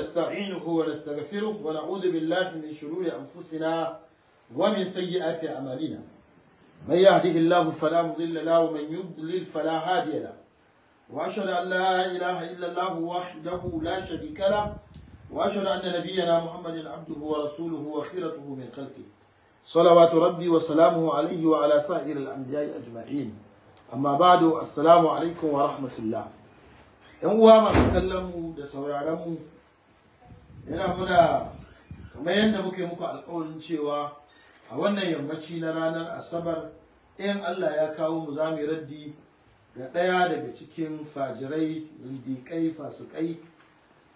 نستعينه ونستغفره ونعوذ بالله من شرور أنفسنا ومن سيئات أعمالنا من يهده الله فلا مضل له ومن يضلل فلا هادي له وأشهد أن لا إله إلا الله وحده لا شريك له وأشهد أن نبينا محمد عبده ورسوله وخيرته من خلقه صلوات ربي وسلامه عليه وعلى سائر الأنبياء أجمعين أما بعد السلام عليكم ورحمة الله ‘Yan uwa masu kallon mu da sauraron mu yana muna kamar yadda muke muku alkawarin cewa a wannan yammaci na ranar asabar in allah ya kawo mu za mu raddi ga ɗaya daga cikin fajirai zindiƙai fasikai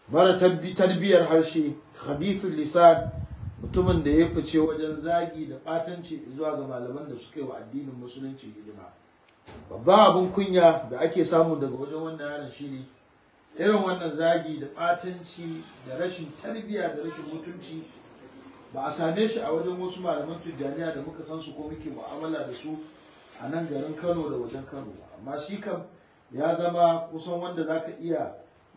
mara tarbiyyar harshe khabithul lisan mutumin da ya fice wajen zagi da ɓatanci zuwa ga malaman da suke wa addinin musulunci hidima babban abin kunya da ake samu daga wajen wannan yaron shine irin wannan zagi da ɓatanci da rashin tarbiyya da rashin mutunci ba a same shi a wajen wasu malaman tijjaniya da muka san su ko muke mu'amala da su a nan garin kano da wajen kano ba amma shi kam ya zama kusan wanda za ka iya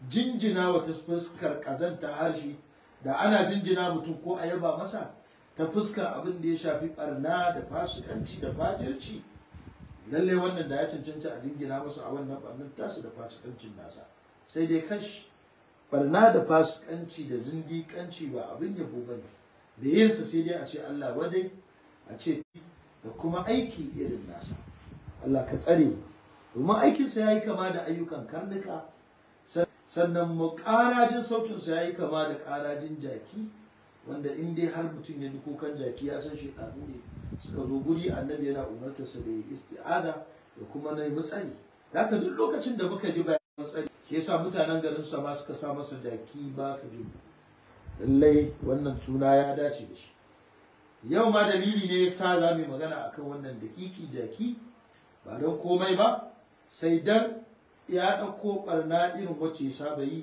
jinjina wa ta fuskar ƙazanta harshe da ana jinjina mutum ko a yaba masa ta fuskar abin da ya shafi barna da fasikanci da fajirci Lallai wannan da ya cancanci a jingina masa a wannan barnar tasu da fasikancin nasa sai dai kashi. barna da fasikanci da zindiƙanci ba abin yabo ba ne da yinsa sai dai a ce Allah wadai a ce da kuma aiki irin nasa Allah ka tsare mu domin aikinsa ya yi kama da ayyukan karnuka sannan mu ƙarajin sautinsa ya yi kama da ƙarajin jaki wanda in dai har mutum ya ji kukan jaki ya san shi ɗaɗu ne suka zo guri annabi yana umartarsa da ya isti'ada da kuma na yi haka duk lokacin da muka ji ba Ke yasa mutanen garin sa ma suka sa masa jaki ba ka ji lallai wannan suna ya dace da shi yau ma dalili ne ya sa za mu magana akan wannan dakiki jaki ba don komai ba sai dan ya ɗauko ɓarna irin wacce ya saba yi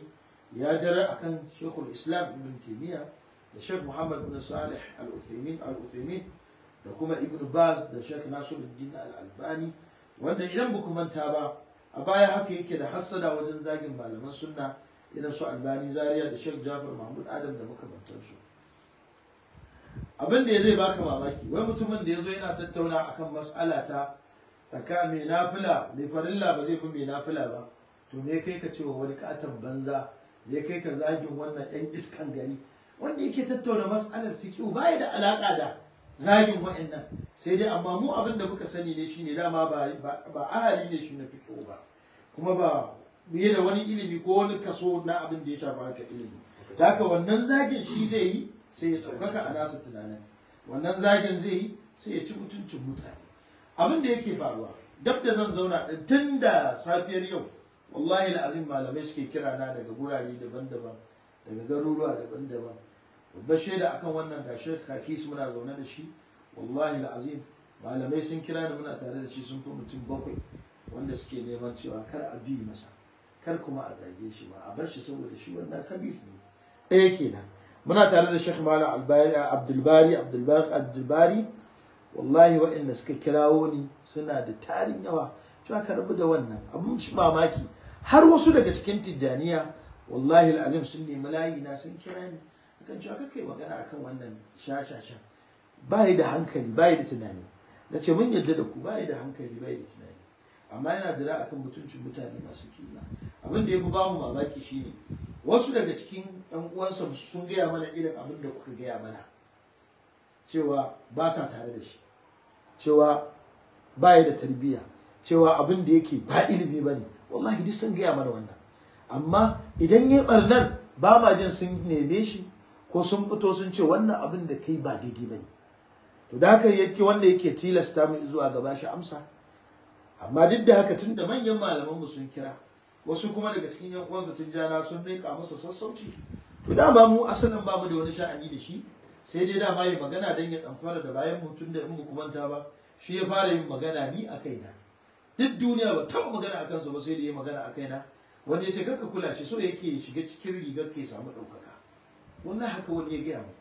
ya jara akan shekul islam ibn taimiyya da shek muhammad bin salih al-uthaymin al-uthaymin da kuma ibn baz da shek nasiruddin al-albani wanda idan ba ku manta ba a baya haka yake da hassada wajen zagin malaman sunna irin su albani zariya da shek jafar mahmud adam da su. abin da ya zai baka mamaki wai mutumin da ya zo yana tattauna akan mas'ala ta tsaka mai nafila mai farilla ba zai fi mai nafila ba to me kai ka cewa wani katon banza me kai ka zagin wannan yan iskan gari wanda yake tattauna mas'alar fikihu baya da alaka da zagin waɗannan sai dai amma mu abin da muka sani ne shine dama ba ahali ne shi na fito ba kuma ba biye da wani ilimi ko wani kaso na abin da ya shafa haka ilimi da haka wannan zagin shi zai yi sai ya ɗaukaka a nasa tunanin wannan zagin zai yi sai ya ci mutuncin mutane abin da yake faruwa dab da zan zauna tun da safiyar yau wallahi la'azin malamai suke kira na daga gurare daban-daban daga garuruwa daban-daban babbar shaida akan wannan ga Sheikh Hakis muna zaune da shi wallahi alazim malamai sun kira ni muna tare da shi sun fi mutum bakwai wanda suke neman cewa kar a bi masa kar kuma a zage shi ba a bar shi saboda shi wannan khabith ne ɗaya kenan muna tare da Sheikh Malam Albani Abdulbari Abdulbari wallahi waɗanda suka kirawo ni suna da tarin yawa cewa ka rabu da wannan Abun shi mamaki har wasu daga cikin Tijjaniya wallahi alazim sun nemi layi na sun kira ni kan cewa kakai magana akan wannan shashashan ba da hankali ba da tunani na ce mun yadda da ku bai da hankali ba da tunani amma yana dira akan mutuncin mutane masu kima abin da ya fi bamu mamaki shine wasu daga cikin yan uwansa sun gaya mana irin abin da kuka gaya mana cewa ba sa tare da shi cewa ba da tarbiyya cewa abin da yake ba ilimi ba ne wallahi duk sun gaya mana wannan amma idan ya barnar ba ma jin sun neme shi ko sun fito sun ce wannan abin da kai ba daidai bane to da haka yake wanda yake tilasta mu zuwa gaba shi amsa amma duk da haka tun da manyan malaman mu sun kira wasu kuma daga cikin yan uwansa tun jana sun rika masa sassauci to da ba mu asalin mu da wani sha'ani da shi sai dai dama ya magana dan ya kamfara da bayan mutum da in mu kumanta ba shi ya fara yin magana ni a kaina duk duniya ba taɓa magana a kansa ba sai da ya magana a kaina wanda ya ce kakka kula shi so yake shiga cikin rigar ke samu ɗaukaka wannan haka wani ya gaya mu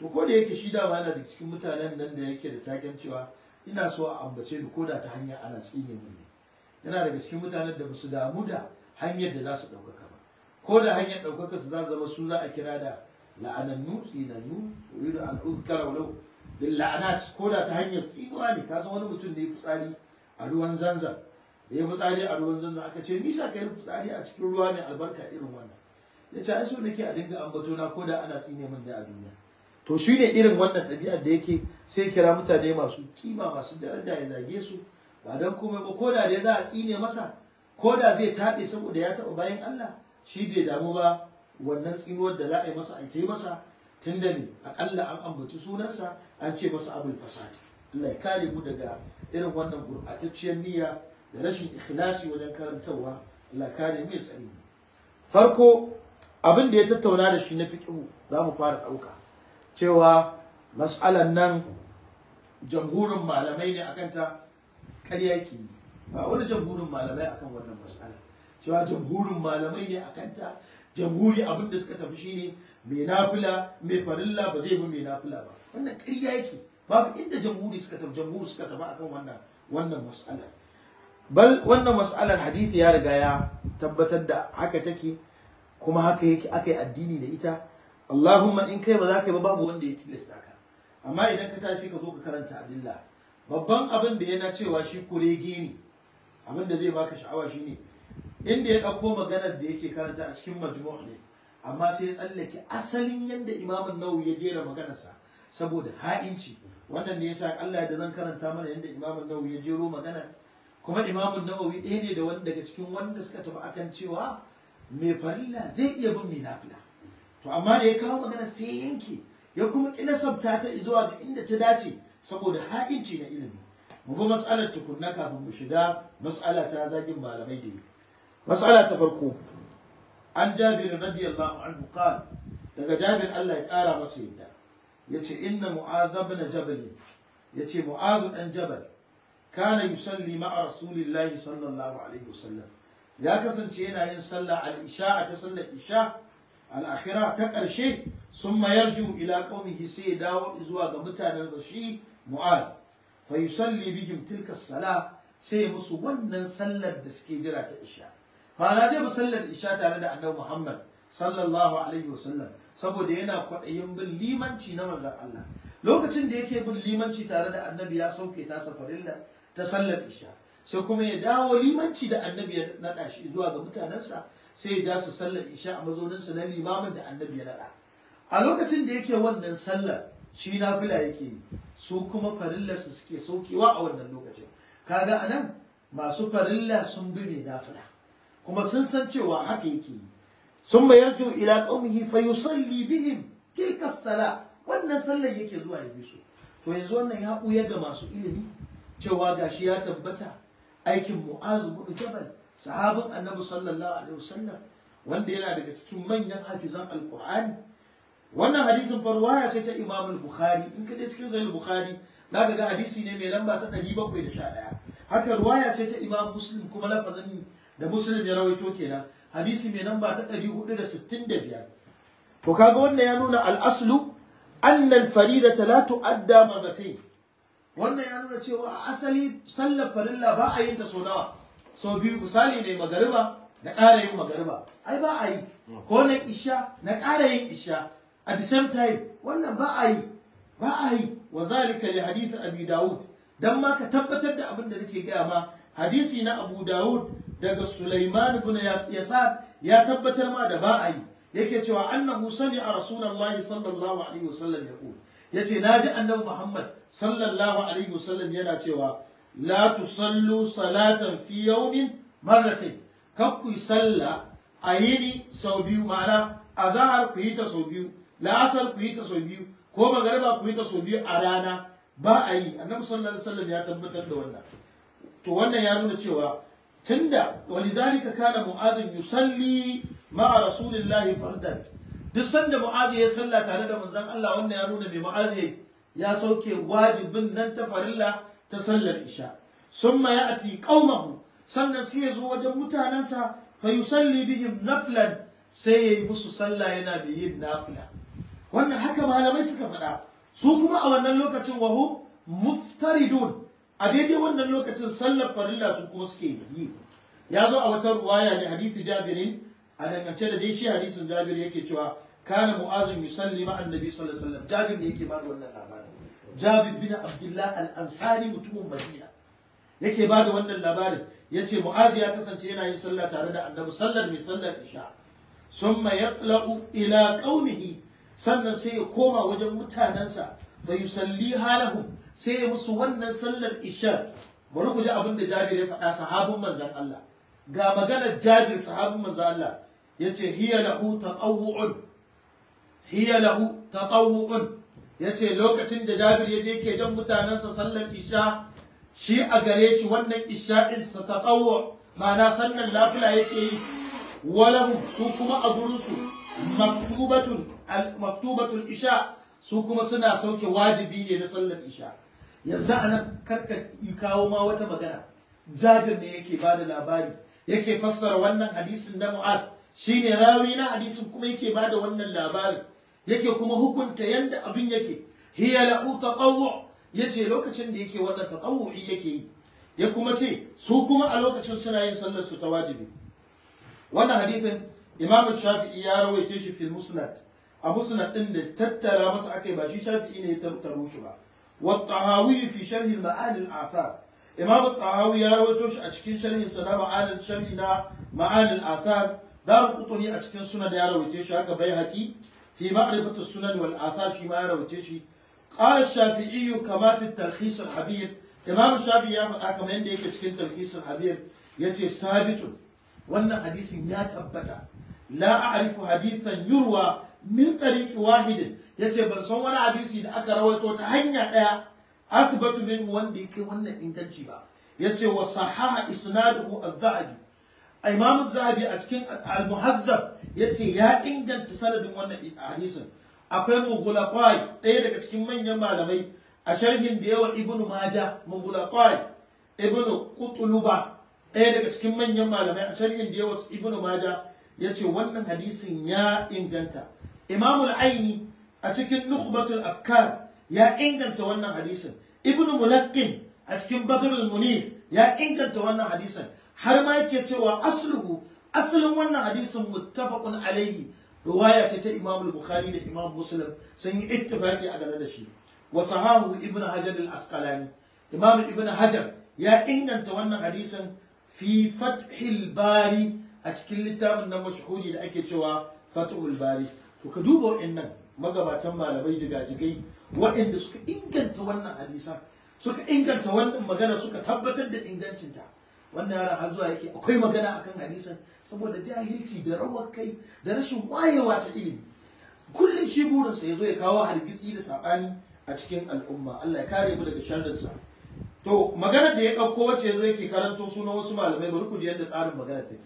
to ko da yake shi ba yana da cikin mutanen nan da yake da taken cewa ina so a ambace ni koda ta hanya ana tsine min ne yana daga cikin mutanen da basu damu da hanyar da za su ɗaukaka ba ko da hanyar ɗaukaka su za zama su za a kira da la'anannu tsinannu da an uzkara walau bil la'anat ko da ta hanyar tsinuwa ne ka san wani mutum da ya fitsari a ruwan zanzan da ya fitsari a ruwan zanzan aka ce nisa ka yi fitsari a cikin ruwa ne, albarka irin wannan ya ce ai so nake a dinga ambato na koda ana tsine min ne a duniya to shi ne irin wannan ɗabi'ar da yake sai kira mutane masu kima masu daraja ya zage su ba don komai ba koda da dai za a tsine masa ko da zai taɓe saboda ya taɓa bayan Allah shi bai damu ba wannan tsinuwar da za a yi masa a yi masa tun da ne aƙalla an ambaci sunansa an ce masa abul fasad Allah ya kare mu daga irin wannan gurɓatacciyar niyya da rashin ikhlasi wajen karantarwa Allah ya kare mu ya tsare mu farko abin da ya tattauna da shi na fiqhu za mu fara ɗauka cewa mas'alan nan jamhurin malamai ne akan ta ƙarya ke ba wani jamhurin malamai akan wannan mas'ala cewa jamhurin malamai ne akan ta jamhuri abin da suka tafi shine mai nafila mai farilla ba zai bi mai nafila ba wannan ƙarya yake babu inda jamhuri suka tafi jamhuri suka tafi akan wannan wannan mas'alar bal wannan mas'alar hadisi ya riga ya tabbatar da haka take kuma haka yake aka yi addini da ita Allahumma in kai ba za ka yi ba babu wanda ya tilasta ka amma idan ka tashi ka zo ka karanta adilla babban abin da yana cewa shi kurege ne abin da zai baka sha'awa shi shine inda ya ɗauko maganar da yake karanta a cikin majmu' ne amma sai ya tsallake asalin yadda imamun nawawi ya jera maganarsa saboda ha'inci wannan ne yasa Allah da zan karanta mana yadda imamun nawawi ya jero maganar kuma imamun nawawi ɗaya ne da wanda daga cikin wanda suka tafi akan cewa mai farilla zai iya bin mai nafila to amma da ya kawo magana sai yanke ya kuma kina sabta ta zuwa ga inda ta dace saboda haƙinci na ilimi mu bi mas'alar tukunna kafin mu shiga mas'ala ta zagin malamai da yi mas'ala ta farko an jabir radiyallahu anhu qala daga jabir Allah ya ƙara masa yadda yace inna mu'adh ibn jabal yace mu'adh dan jabal kana yusalli ma'a rasulillahi sallallahu alaihi wasallam ya kasance yana yin sallah al-isha ta sallar isha al-akhira ta ƙarshe sun mayar ju ila qaumihi sai ya dawo zuwa ga mutanensa shi mu'ad fa yusalli bihim tilka sala sai musu wannan sallar da suke jira ta isha fa na je sallar isha tare da annabi Muhammad sallallahu alaihi wasallam saboda yana kwaɗayin bin limanci na manzon Allah lokacin da yake bin limanci tare da annabi ya sauke ta safarilla ta sallar isha sai kuma ya dawo limanci da annabi ya naɗa shi zuwa ga mutanensa sai ya ja su sallar isha a mazauninsa na limamin da annabi ya naɗa a lokacin da yake wannan sallar shi nafila yake yi su kuma farillarsu suke saukewa a wannan lokacin kaga anan masu farilla sun bi mai nafila kuma sun san cewa haka yake yi sun mayar ju ila qaumihi fa yusalli bihim tilka sala wannan sallar yake zuwa ya bi su to yanzu wannan ya buya ga masu ilimi cewa gashi ya tabbata aikin mu'azu bin jabal sahabin annabi sallallahu alaihi wasallam wanda yana daga cikin manyan hafizan alqur'ani wannan hadisin farwaya ce ta imam al-bukhari in ka je cikin sahih al-bukhari zaka ga hadisi ne mai lamba ta 711 haka ruwaya ce ta imam muslim kuma lafazin da muslim ya rawaito kenan hadisi mai lamba ta 465 to kaga wannan ya nuna al-aslu anna al farida la tu'adda marratayn wannan ya nuna cewa asali sallar farilla ba a yin ta so nawa so biyu misali ne magariba na ƙara yin magariba ai ba a yi ko na isha na ƙara yin isha at the same time wannan ba a yi ba a yi wa zalika li hadisi abi daud dan ma ka tabbatar da abin da nake gaya ma hadisi na abu daud daga sulaiman ibn yasar ya tabbatar ma da ba a yi yake cewa annahu sami'a rasulullahi sallallahu alaihi wasallam yaqul ya ce na ji annabi Muhammad sallallahu alaihi wasallam yana cewa la sallu salatan fi yawmin marratayn kar ku salla a yini sau biyu ma'ana azhar ku yi ta sau biyu la'asar ku yi ta sau biyu ko magariba ku yi ta sau biyu a rana ba a yi annabi sallallahu alaihi wasallam ya tabbatar da wannan to wannan ya nuna cewa tunda walidhalika kana mu'adhin yusalli ma'a rasulillahi fardan duk sanda mu'azi ya sallah tare da manzon Allah wannan ya nuna mai mu'azu ya sauke wajibin nan ta farilla ta sallar isha summa ya'ti qaumahu sannan sai ya zo wajen mutanensa fa yusalli bihim naflan sai yayi musu sallah yana bi yin nafila wannan haka malamai suka faɗa su kuma a wannan lokacin wahu muftaridun a daidai wannan lokacin sallar farilla su kuma suke yi ya zo a wata ruwaya ne hadisi jabirin a dangance da dai shi hadisin jabir yake cewa kana mu'azin yusalli ma'an nabi sallallahu alaihi wasallam jabir ne yake bada wannan labari jabir bin abdullah al-ansari mutumin madina yake bada wannan labarin yace mu'az ya kasance yana yin sallah tare da annabi sallar mai sallar isha summa yatla'u ila qaumihi sannan sai ya koma wajen mutanansa fa yusalli halahum sai ya musu wannan sallar isha bari ku ji abin da jabir ya faɗa sahabin manzon Allah ga maganar jabir sahabin manzo Allah yace hiya lahu taqawwu'un hiya lahu yace lokacin da jabir ya je ke jan mutanansa sallar isha shi a gare shi wannan isha'insa sa taqawwu ma'ana sannan lafiya yake yi walahum su kuma a gurin su maktubatun maktubatul isha su kuma suna sauke wajibi ne na sallar isha yanzu anan karka kawo ma wata magana jabir ne yake bada labari yake fassara wannan hadisin da mu'ad shine rawi na hadisin kuma yake bada wannan labarin yake kuma hukunta yanda abin yake hiya la'u taqawwu ce lokacin da yake wannan taqawwu'i yake yi ya kuma ce su kuma a lokacin suna yin sallar su ta wajibi wannan hadisin imam shafi'i ya rawaite shi fil musnad a musnad din da tattara masa akai ba shi shafi'i ne ya taro shi ba wa fi sharhi ma'ani al imamu tahawi ya rawaito shi a cikin sharhin sa na ma'anin sharhi na ma'anin athar dar qutni a cikin sunan ya rawaito shi haka bai haqi fi ma'rifati sunan wal athar shi ma ya rawaito shi qala shafi'iyu shafii kama fi talkhis al-habir imamu shafi'i ya faɗa kamar yadda yake cikin talkhis al-habir yace sabitu wannan hadisin ya tabbata la a'rifu hadithan yurwa min tariqi wahidin yace ban san wani hadisi da aka rawaito ta hanya daya athbatu min wanda yake wannan inganci ba yace wa sahaha isnaduhu az-zahabi imam az-zahabi a cikin al-muhaddab yace ya inganta sanadin wannan hadisin akwai mughulaqai ɗaya daga cikin manyan malamai a sharhin da yawa ibnu majah mughulaqai ibnu qutluba ɗaya daga cikin manyan malamai a sharhin da yawa ibnu majah yace wannan hadisin ya inganta imam aini a cikin nukhbatul afkar ya inganta wannan hadisin ibn mulaqin a cikin badrul munir ya inganta wannan hadisin har ma yake cewa asluhu asalin wannan hadisin muttafaqun alayhi riwaya ce ta Imam al-Bukhari da Imam Muslim sun yi ittifaqi a game da shi wa sahahu Ibn Hajar al-Asqalani Imam Ibn Hajar ya inganta wannan hadisin fi Fathil Bari a cikin littafin na mashhuri da ake cewa Fathul Bari to ka duba wannan magabatan malamai jigajigai waɗanda suka inganta wannan hadisan suka inganta wannan magana suka tabbatar da ingancinta wannan yaran har zuwa yake akwai magana akan hadisan saboda jahilci da rawar kai da rashin wayewa ta ilimi kullum shi burinsa ya zo ya kawo hargitsi da saɓani a cikin al'umma Allah ya kare mu daga sharrinsa to magana da ya ɗauko wacce ya zo yake karanto sunan wasu malamai bari ku ji yadda tsarin magana take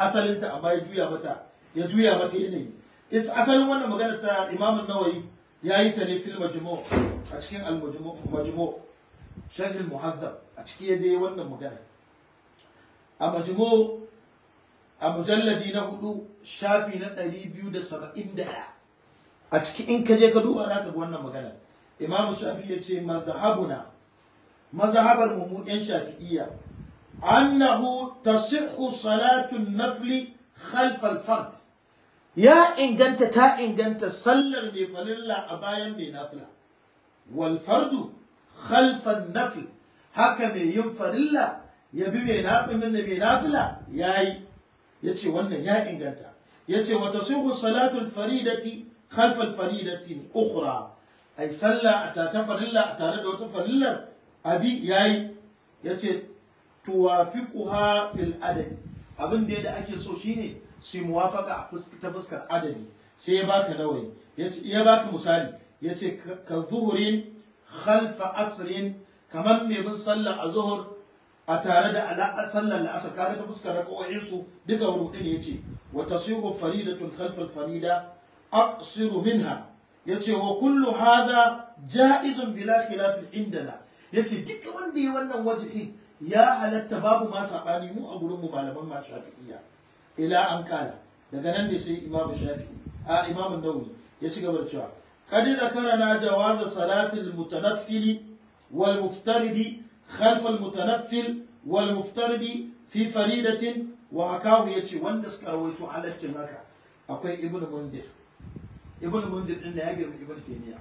asalinta amma ya juya mata ya juya mata yanayi asalin wannan magana ta imamun nawayi ya yi ta ne fil majmu a cikin al majmu sharh al muhaddab a ciki ya je wannan magana a majmu a mujalladi na hudu shafi na 271 a ciki in ka je ka duba za ka ga wannan magana imamu shafi ya ce mazhabuna mazhabar mu mu yan shafi'iyya annahu tasihhu salatu nafli khalf al fard ya inganta ta inganta sallar mai falilla a bayan mai nafila wal fardu khalfan nafi haka mai yin farilla ya bi mai nafilin da mai nafila Ya ce wannan ya inganta yace wata tasihu salatul faridati khalfal faridati ukhra ai salla a tata falilla a tare da wata farillar abi yayi yace tuwafiquha fil adadi abin da ake so shine su muwafaka ta fuskar adadi sai ya baka nawayi ya baka misali ya ce ka zuhurin khalfa asrin kamar mai bin sallar a zuhur a tare da sallar la'asar kaga ta fuskar raka'o'in su duka hudu ne yace wa tasiru faridatun khalfa al-farida aqsiru minha yace wa kullu hadha ja'izun bila khilaf indana yace duka wanda ya wannan wajibi ya halatta babu ma sabani mu a gurin mu malaman ma shafi'iyya ila an kala daga nan ne sai imamu shafi a Imamun Nauyi. ya ci gaba da cewa qad zakarana jawaz salati al-mutanaffil wal muftaridi khalf al-mutanaffil wal muftaridi fi faridatin wa hakahu yace wanda suka rawaito halaccin haka akwai Ibn mundir Ibn mundir din da ya girma Ibn taymiya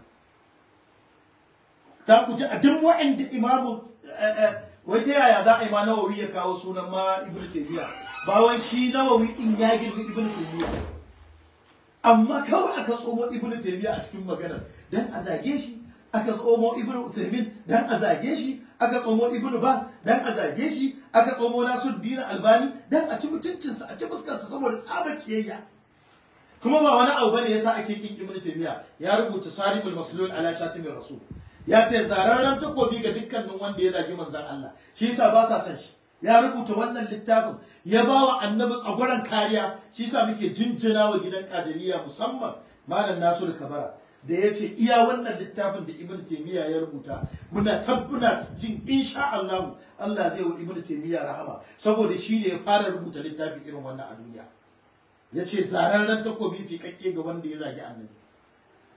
ta ku ji a duk wa'anda imamu eh, eh, wace yaya za a yi ma nawawi ya kawo sunan ma Ibn taymiya bawan shi nawawi din ya girbi ibnu taymiya amma kawai aka tsomo ibnu taymiya a cikin maganar dan a zage shi aka tsomo ibnu uthaymin dan a zage shi aka tsomo ibnu bas dan a zage shi aka tsomo nasuddin albani dan a ci mutuncinsa a ci fuskarsa saboda tsaba kiyayya kuma ba wani abu bane yasa ake kin ibnu taymiya ya rubuta saribul maslul ala shatimir rasul ya ce zararren takobi ga dukkanin wanda ya zagi manzon Allah shi yasa ba sa son shi ya rubuta wannan littafin ya ba wa annabi tsagoran kariya shi yasa muke jinjina wa gidan kadiriya musamman malam nasiru kabara da ya ce iya wannan littafin da ibn taimiyya ya rubuta muna tabbuna jin insha Allah Allah zai wa ibn taimiyya rahama saboda shi ne ya fara rubuta littafin irin wannan a duniya ya ce zararren takobi fikakke ga wanda ya zagi annabi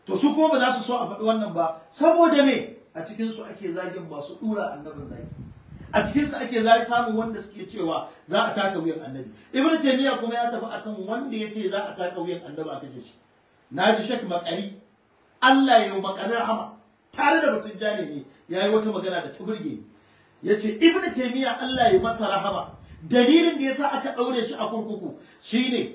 to su kuma ba za su so a faɗi wannan ba saboda me a cikin su ake zagin masu su dura annabin zagi a cikin su ake za samu wanda suke cewa za a taka wuyan annabi ibn taymiya kuma ya tafi akan wanda yace za a taka wuyan annabi a kashe shi naji shek makari Allah ya yi makarar hama tare da mutun jani ne ya yi wata magana da ta burge yace ibn taymiya Allah ya masa rahama dalilin da yasa aka daure shi a kurkuku shine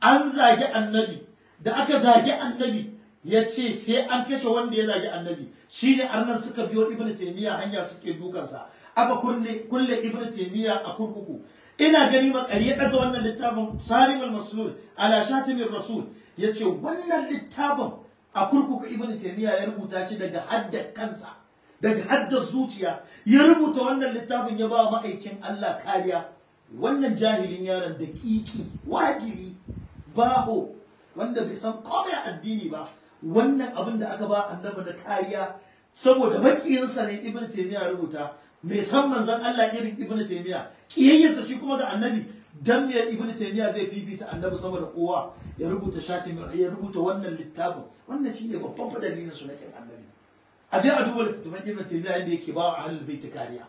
an zage annabi da aka zage annabi ya ce sai an kashe wanda ya zage annabi Shi shine arnan suka biyo ibn taymiya hanya suke dukansa aka kulle ibn taymiya a kurkuku ina gani makari ya daga wannan littafin sarim al-maslul ala ar rasul yace wannan littafin a kurkuku ibn taymiya ya rubuta shi daga haddar kansa daga haddar zuciya ya rubuta wannan littafin ya ba ma'aikin Allah kariya wannan jahilin yaron da kiki wagili baho wanda bai san komai addini ba wannan abin da aka ba annabi da kariya saboda makiyinsa ne ibn taymiya rubuta mai san manzan Allah irin ibn taymiya kiyayyarsa shi kuma da annabi dan me ibn taymiya zai fifita annabi saboda kowa ya rubuta shafi ya rubuta wannan littafin wannan shine babban fadalin su na kin annabi a je a duba littafin ibn taymiya inda yake ba ahlul bait kariya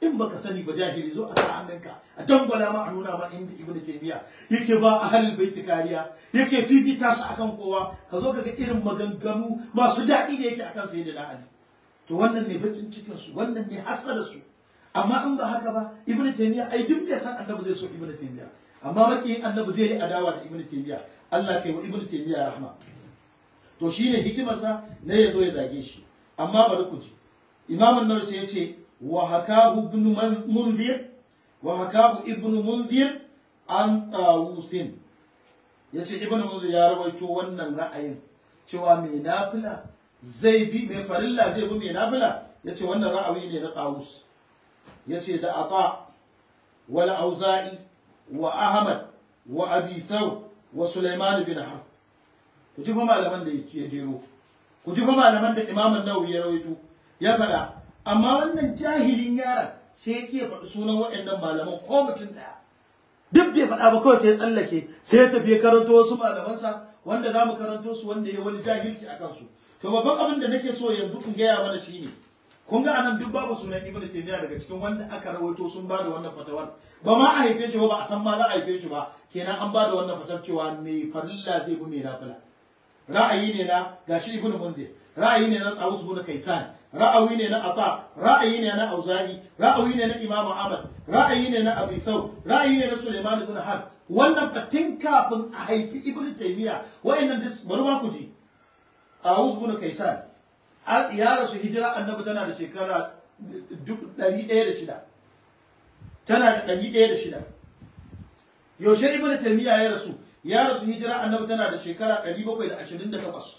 in baka sani ba jahili zo a sa hannunka a dangwala ma a nuna ma inda Ibn taymiya yake ba ahlul bait kariya yake fifita su akan kowa ka zo ka ga irin maganganu masu daɗi da yake akan sayyidina ali to wannan ne bakin cikin su wannan ne hasara su amma in ba haka ba ibn taymiya ai duk mai san annabi zai so ibn taymiya amma maki annabi zai yi adawa da ibn taymiya Allah kai wa ibnu taymiya rahma to shine sa ne yazo ya zage shi amma bari ku ji imam an-nawawi ya yace wa hakahu ibn mundhir wa hakahu ibn mundhir an tawusin yace ibn mundhir ya rawaito wannan ra'ayin cewa mai nafila zai bi mai farilla zai bi mai nafila yace wannan ra'ayi ne na ya yace da aƙa wani Auza'i wa Ahmad wa Abisau wa Suleiman bin har ku ji fa malaman da ya jero ku ji fa malaman da imaman nawawi ya rawaito ya faɗa amma wannan jahilin yaran sai ya kiyaye faɗi sunan waɗannan malaman ko mutum ɗaya duk bai faɗa ba kawai sai ya tsallake sai ya tafi ya karanto wasu malamansa wanda za mu karanto su wanda ya wani jahilci a kansu to babban abin da nake so yanzu in gaya mana shi ne kun ga anan duk babu sunan ibnu taymiya daga cikin wanda aka rawaito sun bada wannan fatawar ba ma a haife shi ba ba a san ma za a haife shi ba kenan an bada wannan fatar cewa mai farilla zai bi mai nafila ra'ayi ne na gashi ibnu ra'ayi ne na tawus kaisan ra'ayi ne na ata ra'ayi ne na auza'i ra'ayi ne na imam ahmad ra'ayi ne na abi thaw ra'ayi ne na suleiman ibn harb wannan fatin kafin a haifi ibnu taymiya wa'annan bari ma ku ji Tawus bin Kaisan ya rasu hijira annabi tana da shekara ɗari ɗaya da shida tana da ɗari ɗaya da shida yaushe ibn taymiya ya rasu ya rasu hijira annabi tana da shekara ɗari bakwai da ashirin da takwas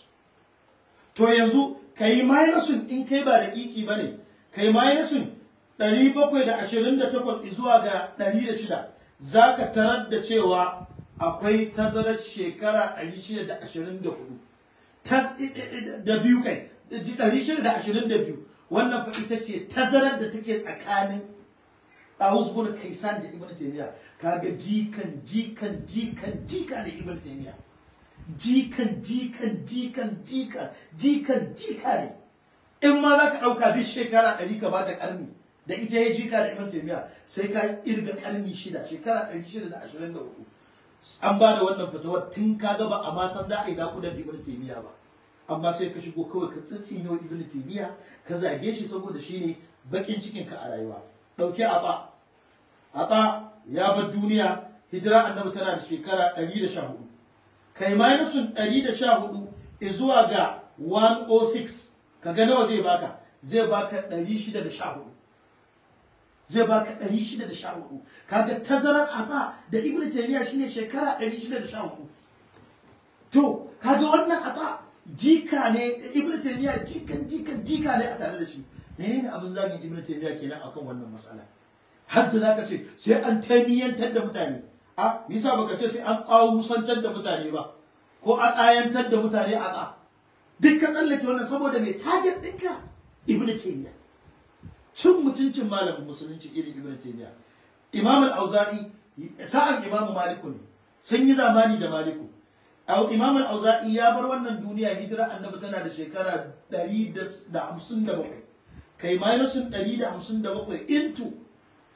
to yanzu ka yi minusin in kai ba da ƙiƙi ba ne ka yi minusin ɗari bakwai da ashirin da takwas zuwa ga ɗari da shida za ka tarar da cewa akwai tazarar shekara ɗari shida da ashirin da hudu da biyu kai ɗari shida da ashirin da biyu wannan fa ita ce tazarar da take tsakanin ɗawus bin kaisan da ibn taymiya ga jikan jikan jikan jika da ibn taymiya jikan jikan jikan jika jikan jika ne in ma za ka ɗauka duk shekara ɗari ka bata ƙarni da ita ya jika da ibn taymiya sai ka irga ƙarni shida shekara ɗari shida da ashirin da hudu an ba da wannan fatawar tun ka ga ba a ma san za a yi da ibn taymiya ba amma sai ka shigo kawai ka tsitsinyo ibn taymiya ka zage shi saboda shine bakin cikin ka a rayuwa dauke a ba ya bar duniya hijira annabi tana da shekara 114 kai minusun 114 izuwa ga 106 kaga nawa zai baka zai baka 614 zai baka ɗari shida da sha hudu kaga tazarar ata da ibn taymiya shine shekara ɗari shida da sha hudu to kaga wannan ata jika ne ibn taymiya jikan jikan jika ne a tare da shi menene abin zagin ibn taymiya kenan akan wannan matsala har da zaka ce sai an taymiyantar da mutane a nisa baka ce sai an kawusantar da mutane ba ko a ƙayantar da mutane a duk ka tsallake wannan saboda mai tajar ɗinka ibn taymiya cin mutuncin malamin musulunci irin ibn taymiya imam al-auza'i sa'an imam maliku ne sun yi zamani da maliku imam al-auza'i ya bar wannan duniya hijira annabi tana da shekara 157 kai minusin 157 into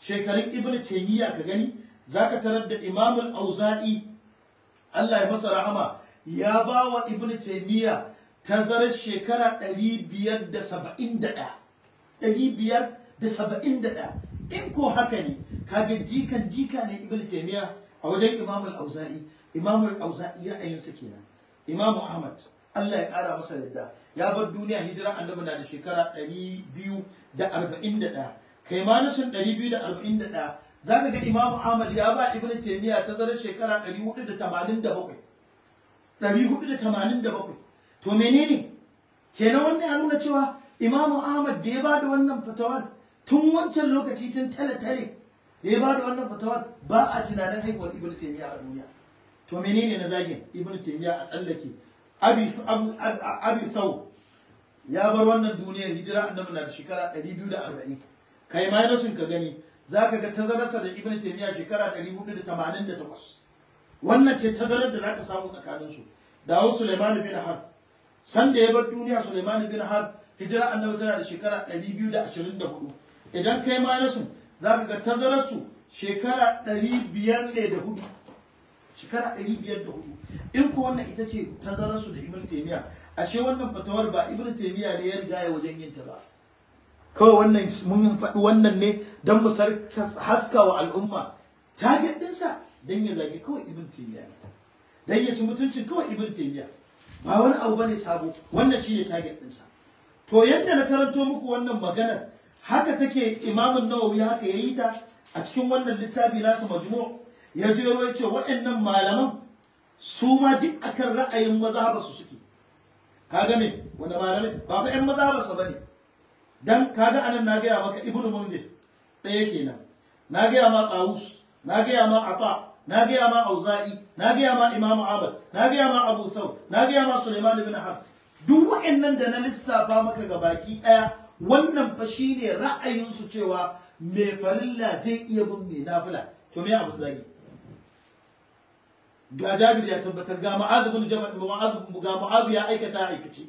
shekarun ibn taymiya ka gani zaka tarar da imam al-auza'i Allah ya masa rahama ya ba wa ibn taymiya tazarar shekara 571 ɗari biyar da saba'in da ɗaya in ko haka ne kaga jikan jika ne ibn taimiya a wajen imamul auza'i imamul auza'i ra'ayinsa kenan Imam ahmad allah ya ƙara masa yadda ya bar duniya hijira annabi na da shekara ɗari biyu da arba'in da ɗaya kai ma nasun ɗari biyu da arba'in da ɗaya za ka ga Imam ahmad ya ba ibn taimiya tazarar shekara ɗari hudu da tamanin da bakwai ɗari hudu da tamanin da bakwai to menene kenan wannan ya nuna cewa imamu ahmad da ya ba da wannan fatawar tun wancan lokaci tun tale tale da ya ba da wannan fatawar ba a tunanin haihuwar Ibn taymiya a duniya to menene na zagin Ibn taymiya a tsallake abi abi sau ya bar wannan duniyar hijira annabi na da shekara 240 kai ma rashin ka gani ka ga tazararsa da Ibn taymiya shekara 488 wannan ce tazarar da ka samu tsakaninsu dawo suleiman bin harb sanda ya bar duniya suleiman bin Har hijira annabi tana da shekara 224 idan kai minusin za ka ga tazarar su shekara 504 ne da hudu shekara 504 in ko wannan ita ce tazarar su da ibn taymiya ashe wannan fatawar ba ibn taymiya ne ya riga ya wajen yin ta ba kawai wannan mun faɗi wannan ne don mu haska wa al'umma target ɗinsa don ya zage kawai ibn taymiya don ya ci mutuncin kawai ibn taymiya ba wani abu bane sabo wannan shine target ɗinsa to yadda na karanto muku wannan maganar haka take imamun nawawi haka ya yi ta a cikin wannan littafi nasu majmu ya je ya ce waɗannan malaman su ma duk akan ra'ayin ba su suke kaga me wanda malamin ba ba ƴan ba su bane dan kaga anan na gaya maka ibnu mundir ɗaya kenan na gaya ma qawus na gaya ma ata na gaya ma auza'i na gaya ma imamu ahmad na gaya ma abu thawb na gaya ma sulaiman ibn harb duk wa'annan da na lissafa maka ga baki ɗaya wannan fa shine ra'ayin su cewa mai farilla zai iya bin mai nafila to me abu zagi ga jabir ya tabbatar ga ma'az bin jabal ga ma'az ya aikata aikace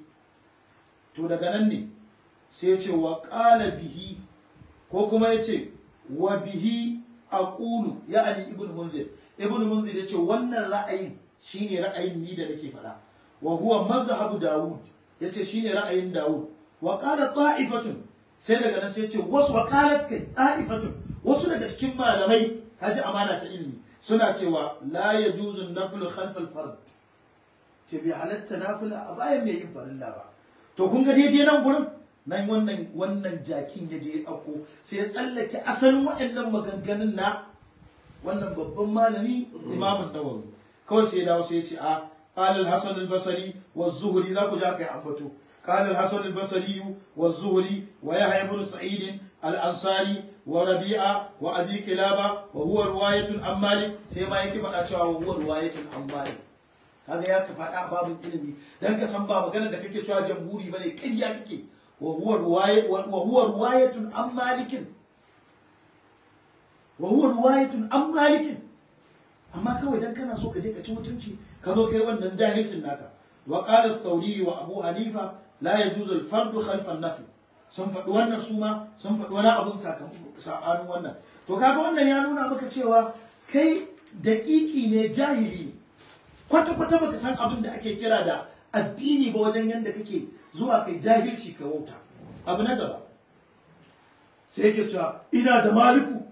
to daga nan ne sai ya ce wa qala bihi ko kuma ya ce wa bihi aqulu ali Ibn munzir Ibn munzir ya ce wannan ra'ayin shine ra'ayin ni da nake faɗa wa huwa madhhabu Dawud yace shine ra'ayin Dawud wa qala sai daga nan sai ce wasu wa kai wasu daga cikin malamai kaji amana ta ilimi suna cewa la yajuzu an-naflu fard ce bai halatta nafula a bayan mai yin farilla ba to kun ga daidai nan gurin nan wannan wannan jakin ya je ako sai ya tsallake asalin waɗannan maganganun na wannan babban malami imamun nawawi kawai sai ya dawo sai ya ce a ah, qala al-hasan basri wa zuhri za ku ja kai ambato qala al-hasan al wa zuhri wa yahya ibn al-ansari wa rabi'a wa abi kilaba wa huwa riwayatun an malik sai ma yake faɗa cewa wa huwa riwayatun an malik kaga ya ka faɗa babin ilimi dan ka san ba maganar da kake cewa jamhuri bane ƙarya kake wa wa amma kawai dan kana so ka je ka ci mutunci ka zo kai wannan jahilcin naka wa qala thawri wa abu hanifa la yajuzu al fard khalfa an nafi sun faɗi wannan su ma sun faɗi wani abun sakamakon wannan to kaga wannan ya nuna maka cewa kai daƙiƙi ne jahili ne kwata-kwata baka san abin da ake kira da addini ba wajen yadda kake zuwa kai jahilci ka wauta abu na gaba sai yake cewa ina da maliku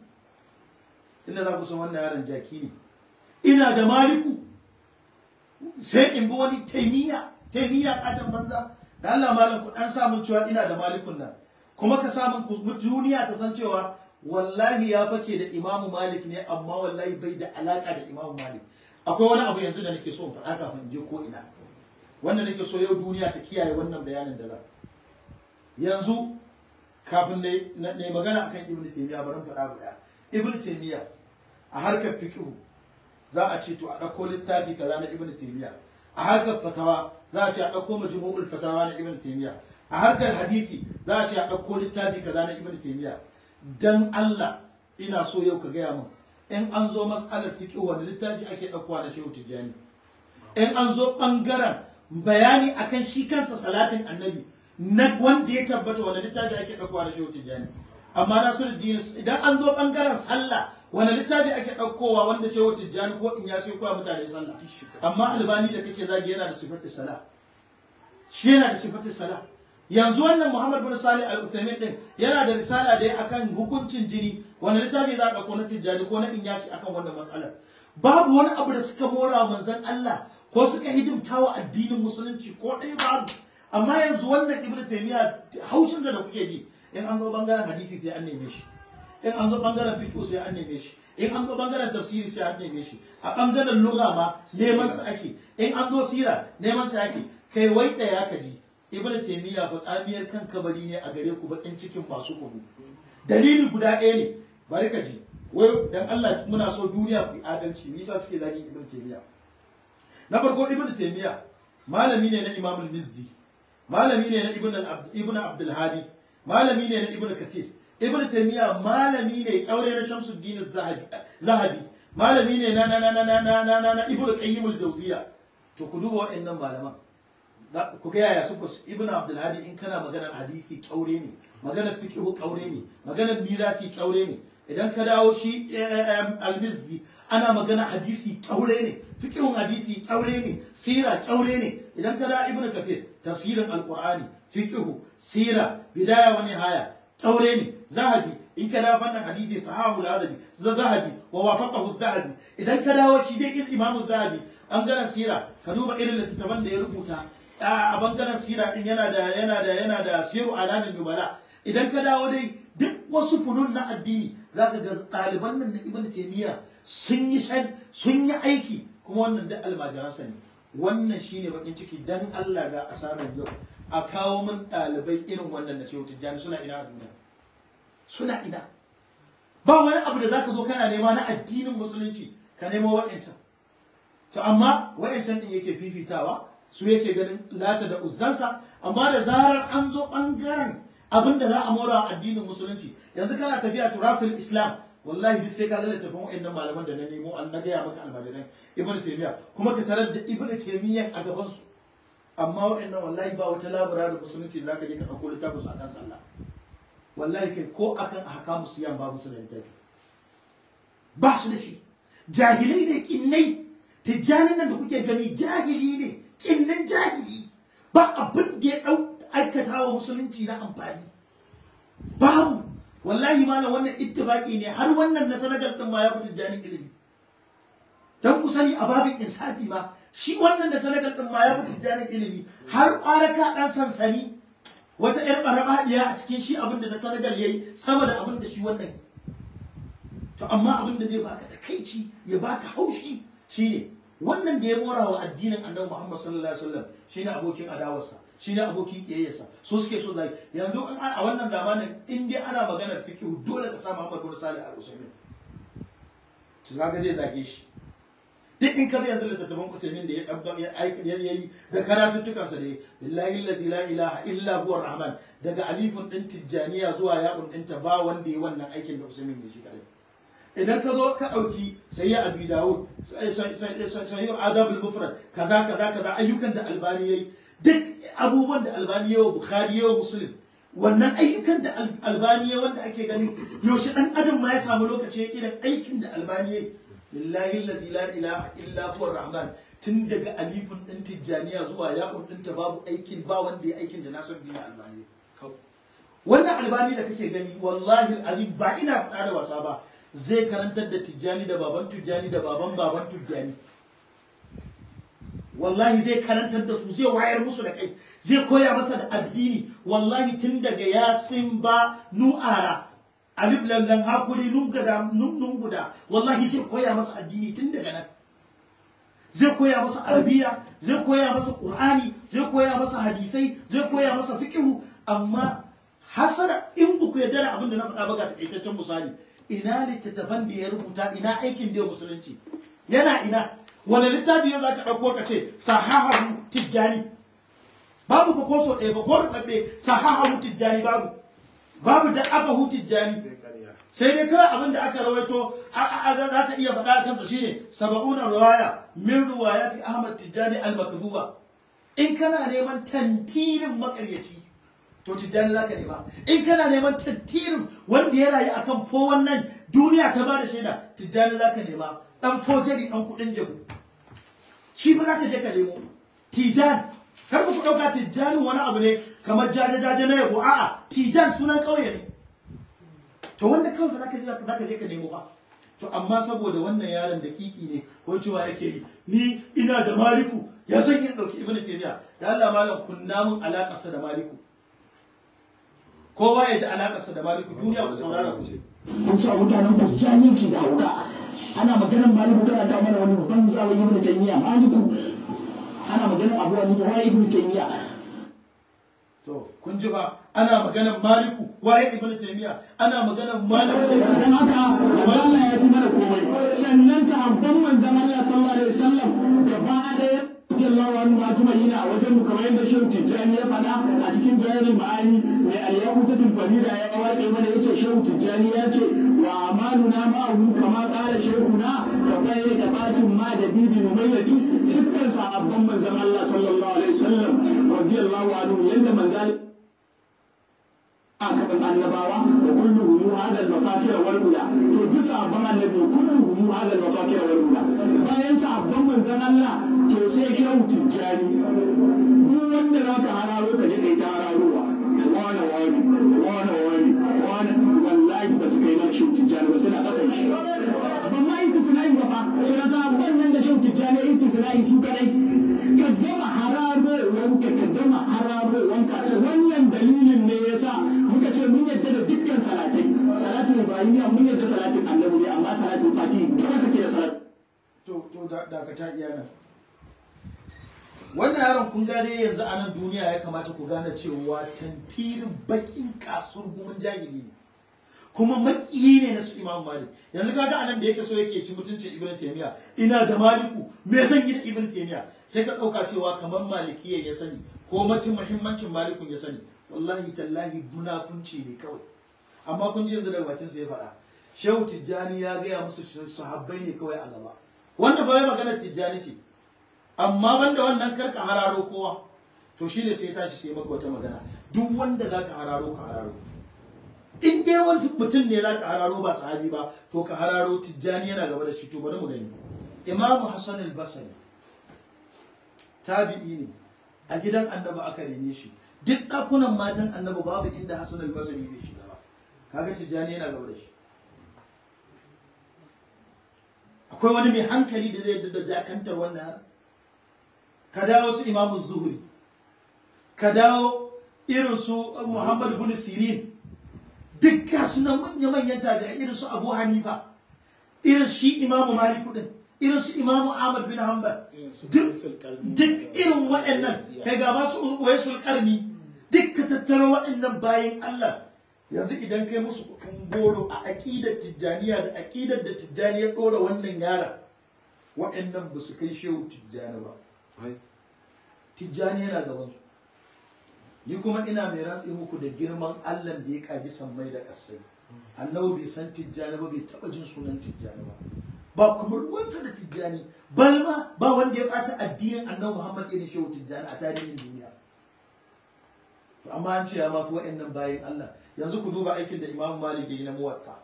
ina za ku wannan yaron jaki ne ina da maliku sai in bi wani taimiyya taimiyya katon banza da Allah malam ku dan samu cewa ina da malikun nan kuma ka samu duniya ta san cewa wallahi ya fake da Imam Malik ne amma wallahi bai da alaka da Imam Malik akwai wani abu yanzu da nake so in faɗa kafin je ko ina wanda nake so yau duniya ta kiyaye wannan bayanin da za yanzu kafin na magana akan ibnu taymiya bari in faɗa guda ibnu taymiya a harkar fiqh za a ce to a ɗauko littafi kaza na ibn taymiya a harkar fatawa za a ce a ɗauko majmu'ul fatawa na ibn taymiya a harkar hadisi za a ce a ɗauko littafi kaza na ibn taymiya dan Allah ina so yau ka gaya min in an zo mas'alar fiqh wani littafi ake ɗaukowa da shehu tijjani in an zo ɓangaren bayani akan shi kansa salatin annabi na wanda ya tabbata wani littafi ake ɗaukowa da shehu tijjani amma na idan an zo ɓangaren sallah wani littafi ake ɗaukowa wanda shehu tijjani ko in ya sai mutane sallah amma albani da kake zagi yana da sifatin sala shi yana da sifatin sala yanzu wannan muhammad bin sali al-uthaymin din yana da risala da akan hukuncin jini wani littafi za ka na tijjani ko na in ya akan wannan matsalar babu wani abu da suka mora manzon Allah ko suka hidimtawa addinin musulunci ko ɗaya babu amma yanzu wannan ibnu taymiya haushin da kuke ji in an zo bangaren hadisi sai an neme shi in an zo bangaren fiqh sai an neme shi in an zo bangaren tafsiri sai an neme shi a bangaren lugha ma neman sa ake in an zo sira neman sa ake kai wai da ya kaji ibn taymiya fa tsamiyar kan kabari ne a gare ku ba bakin cikin masu kubu dalili guda ɗaya ne bari ka ji wai dan Allah muna so duniya ku adalci nisa suke zagi ibn taymiya na farko ibn taymiya malami ne na imamul mizzi malami ne na ibn ibn abdul hadi malami ne na ibn kathir ibn taymiya malami ne kaure na shamsuddin zahabi zahabi malami ne na na na na na na na na ibn qayyim al-jawziya to ku duba wa'annan malaman ku ga yaya suka ibn abdul hadi in kana maganar hadisi kaure ne maganar fiqh kaure ne maganar mirafi kaure ne idan ka dawo shi eh, eh, eh, almizzi ana magana hadisi kyaure ne fiqhun hadisi kyaure ne sira kyaure ne idan ka dawo ibnu kafir tafsirin alqur'ani fiqh sira bidaya wa nihaya aure ne zahabi in ka dawo fannin hadisi sahahu al-adabi zahabi wa wafaqahu zahabi idan ka dawo shi dai imamu zahabi an bangaren sira ka duba irin littattafan da ya rubuta a bangaren sira din yana da yana da yana da siru dubala idan ka dawo dai duk wasu funun na addini zaka ga ɗaliban nan na ibnu taymiya sun yi sun yi aiki kuma wannan duk almajiransa ne wannan shine bakin ciki dan Allah ga asarar yau a kawo min ɗalibai irin wannan na ce jani suna ina a duniya suna ina ba wani abu da zaka zo kana nema na addinin musulunci ka nemo wa'ancan to amma wa'ancan din yake fifitawa su yake ganin lata da uzzansa amma da zarar an zo bangaren abin da za a mora addinin musulunci yanzu kana tafiya turafin islam wallahi duk sai ka ga littafin wa'annan malaman da na nemo an na gaya maka almajiran ibnu taymiya kuma ka tarar da ibnu taymiyan a gabansu. su amma waɗannan wallahi ba wata labura da musulunci za ka je ka ɗauko littafin su akan sallah wallahi kai ko akan musu yan babu su da littafi ba su da shi jahilai ne kinnai tijjanin nan da kuke gani jahili ne kinnan jahili ba abin da ya ɗau aikata wa musulunci na amfani babu wallahi ma na wannan baƙi ne har wannan na sanadar ɗin ma ya fi tijjanin ilimi dan ku sani a babin insafi ma shi wannan da sanakar din ma ya fi tijjanin ilimi har kwanaka dan sansani wata yar barabadiya a cikin shi abin da na ya yayi sama da abin da shi wannan to amma abin da zai baka takaici ya baka haushi shine wannan da ya mora wa addinin annabi Muhammad sallallahu alaihi wasallam shine abokin adawarsa shine abokin kiyayyarsa so suke so zai yanzu a wannan zamanin in dai ana maganar fikihu dole ka sa Muhammad bin Salih al-Usaimi to zaka zai zage shi duk in ka bi yanzu littattafan kusurmin da ya ɗabba ya aiki ya yi da karatuttukansa ne billahi lazi la ilaha illa huwa rahman daga alifin ɗin tijjaniya zuwa yaƙun ɗinta ba wanda ya wannan aikin da kusurmin ya shi kaɗai idan ka zo ka ɗauki sai ya abi dawud sai ya adabul mufrad kaza kaza kaza ayyukan da albani ya yi duk abubuwan da albani ya yi wa bukhari ya muslim wannan ayyukan da albani ya wanda ake gani yaushe dan adam ma ya samu lokaci irin aikin da albani ya yi lillahi lazi la ilaha illa huwa rahman tun daga alifun din tijjaniya zuwa ya din ta babu aikin ba wanda ya aikin da nasar bin albani wannan albani da kake gani wallahi alazim ba ina faɗa da wasa ba zai karantar da tijjani da baban tijjani da baban baban tijjani wallahi zai karantar da su zai wayar musu da kai zai koya masa da addini wallahi tun daga yasin ba nu'ara alif lallan hakuri nun guda nun guda wallahi zai koya masa addini tun daga nan zai koya masa arabiya zai koya masa qur'ani zai koya masa hadisai zai koya masa fiqhu amma hasara in buku ya dara abin da na faɗa ba ga taƙaitaccen misali ina littattafan da ya rubuta ina aikin da musulunci yana ina wani littafi ya za ka ɗauko ka ce sahahahu tijjani babu ko so ɗaya ba ko ruɓaɓɓe sahahahu tijjani babu babu da kafa hutun jani sai dai kawai abin da aka rawaito a za ta iya faɗa a kansa shine saba'una ruwaya min ruwayati ahmad tijjani al-makdhuba in kana neman tantirin makaryaci to tijjani za ka nema in kana neman tantirin wanda ya rayu akan fo wannan duniya ta bada shaida tijjani za zaka nema dan fojeri dan kudin jabu shi ba za ka je ka nemo tijjani kar ku ɗauka tijjani wani abu ne kamar jaje-jaje na yabo a'a tijan sunan ƙauye ne to wanda kanka zaka je zaka je ka nemo ba to amma saboda wannan yaron da kiki ne ko cewa yake yi ni ina da maliku ya san yin ɗauki ibnu taymiya da Allah malam kunna mun alaƙarsa da maliku kowa ya ji alaƙarsa da maliku duniya ku saurara ku ce mun ce mutanen ku jahilci da hauka ana maganar maliku kana ta mana wani banza wa ibnu taymiya maliku ana maganar abu wani wa ibn taymiya to kun ji ba ana maganar maliku waye ibn taymiya ana maganar maliku dan haka Allah ya kuma mana komai sannan sa sahabban manzon Allah sallallahu alaihi wasallam gaba da radiyallahu anhu ma kuma yana a wajen mu kamar yadda shehu tijjani ya faɗa a cikin jawabin ma'ani mai al-yahudatul farida ya kawo mana yace shehu tijjani ya ce wa amaluna ma'ahu kama ƙara shekuna ka baye da bacin ma da bibi mumayyaci dukkan sahabban manzon Allah sallallahu alaihi wasallam radiyallahu anhu yadda a akan annabawa wa kulluhum hadha al-mafakir wal ula to duk sahabban annabi kulluhum hadha al-mafakir wal ula bayan sahabban manzon Allah to sai shehu tijjani duk wanda zaka hararo ka je kai ta hararowa kun gane yanzu a nan duniya ya kamata ku gane cewa tantirin bakin kasuwar gurin jahili ne kuma makiyi ne na su imam malik yanzu kaga anan da yake so yake ci mutuncin ibn taymiya ina da maliku me zan yi da ibn taymiya sai ka dauka cewa kamar maliki ya sani ko mutum muhimmancin malikun ya sani wallahi tallahi munafunci ne kawai amma kun ji yanzu daga bakin sa ya faɗa shehu tijjani ya gaya musu sahabbai ne kawai a gaba wannan bai magana tijjani ce amma banda wannan karka hararo kowa to shine sai tashi sai maka wata magana duk wanda zaka hararo ka hararo in dai wani mutum ne zaka hararo ba sahabi ba to ka hararo tijjani yana gaba da shi to bari mu gani imamu hasan al-basri tabi'i ne a gidan annabi aka rene shi duk dakunan matan annabi babu inda hasan al-basri bai shiga ba kaga tijjani yana gaba da shi akwai wani mai hankali da zai da jakantar wannan ka dawo su imamu zuhuri ka dawo irinsu su muhammad bin sirin duk ga suna manya-manyan tabi'a irin abu hanifa irin shi imamu maliku kudin irin su imamu ahmad bin hanbal duk irin waɗannan kai ga masu waisul karni duk ka tattara waɗannan bayan allah yanzu idan kai musu kukan goro a aƙidar tijjaniya da aƙidar da tijjaniya ɗora wannan yara waɗannan ba su kai shehu tijjani ba tijjani yana gaban su ni kuma ina mai ratsi muku da girman Allah da ya kaji sammai da kasai annabi bai san tijjani ba bai taba jin sunan tijjani ba ba kuma ruwansa da tijjani balma ba wanda ya bata addinin annabi Muhammad irin shehu tijjani a tarihin duniya to amma an ce ma kuma nan bayin Allah yanzu ku duba aikin da Imam Malik ya yi na muwatta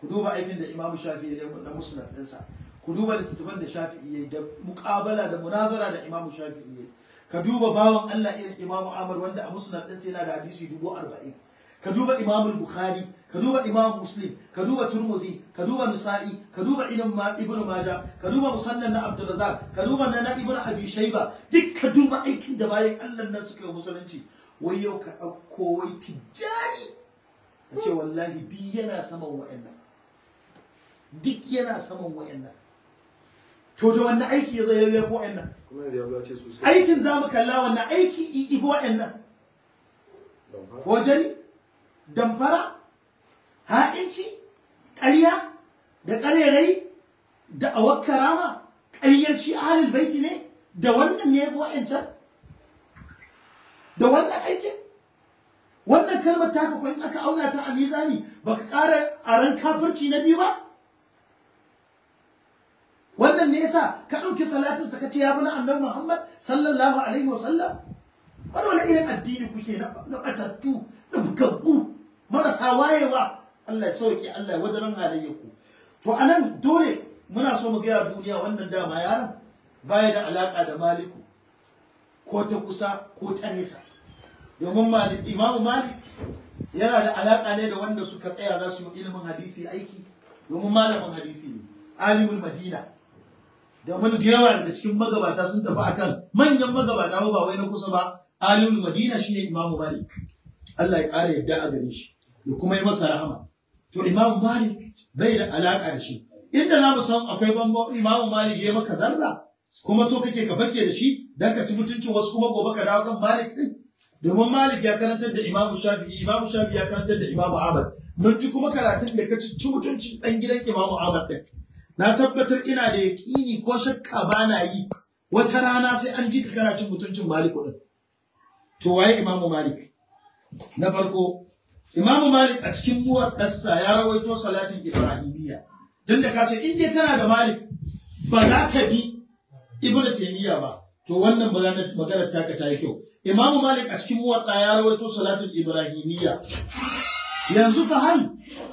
ku duba aikin da Imam Shafi'i ya yi na musnad ɗinsa ku duba littattafan da Shafi'i ya yi da muƙabala da munazara da Imam Shafi'i ya yi ka duba bawan Allah irin Imam Ahmad wanda a musnad din sai yana da hadisi 40 ka duba Imam Bukhari ka duba Imam Muslim ka duba Tirmidhi ka duba Nasa'i ka duba Ibn Ibn Majah ka duba Musannad na Abdul Razzaq ka duba na Ibn Abi Shayba duk ka duba aikin da bayan Allah nan suka yi musulunci wai yau ka ɗauko wai tijjani A ce wallahi duk yana saman wayannan duk yana saman wayannan to da wannan aiki ya zai yayyafo wa'annan aikin za mu kalla wannan aiki ibo wa'annan hojari damfara ha'inci ƙarya da ƙarerai da awar karama ƙaryar shi ahalul baiti ne da wannan ne yafi wa'ancan da wannan aikin wannan kalmar taka ko in aka auna ta a mizani ka ƙara a ran kafirci na biyu ba wannan ne yasa ka ɗauki salatin sa kace ya bi na annabi Muhammad sallallahu alaihi wa sallam wani wani irin addini kuke na ɓatattu ɗubgaggu marasa wayewa Allah ya sauke Allah ya wadaran halayyaku to anan dole muna so mu gaya duniya wannan dama yaron baya da alaka da maliku ko ta kusa ko ta nisa domin malik imamu malik yana da alaka ne da wanda suka tsaya za su yi ilimin hadisi aiki domin malamin hadisi ne alimul madina domin da yawa daga cikin magabata sun tafi akan manyan magabata ba wai na kusa ba alim madina shine imamu malik Allah ya kare yadda a gare shi Da kuma yi masa rahama to imamu malik bai da alaƙa da shi inda za mu san akwai bambam imamu malik ya maka zarra kuma so kake ka fake da shi dan ka ci mutuncin wasu kuma gobe ka dawo kan malik din domin malik ya karantar da imamu Shafi, imamu Shafi ya karantar da imamu ahmad mun ji kuma karatun da ka ci mutuncin dan gidan imamu ahmad din na tabbatar ina da yaƙini ko shakka ba na yi wata rana sai an ji ka kana cin mutuncin malik ɗin to waye imamu malik na farko imamu malik a cikin ɗassa ya rawaito salatin ibrahimiyya Tunda da ka ce in dai kana da malik ba za ka bi ibnu ba to wannan maganar taka ta yi kyau imamu malik a cikin ɗa ya rawaito Salatin ibrahimiyya yanzu fa hal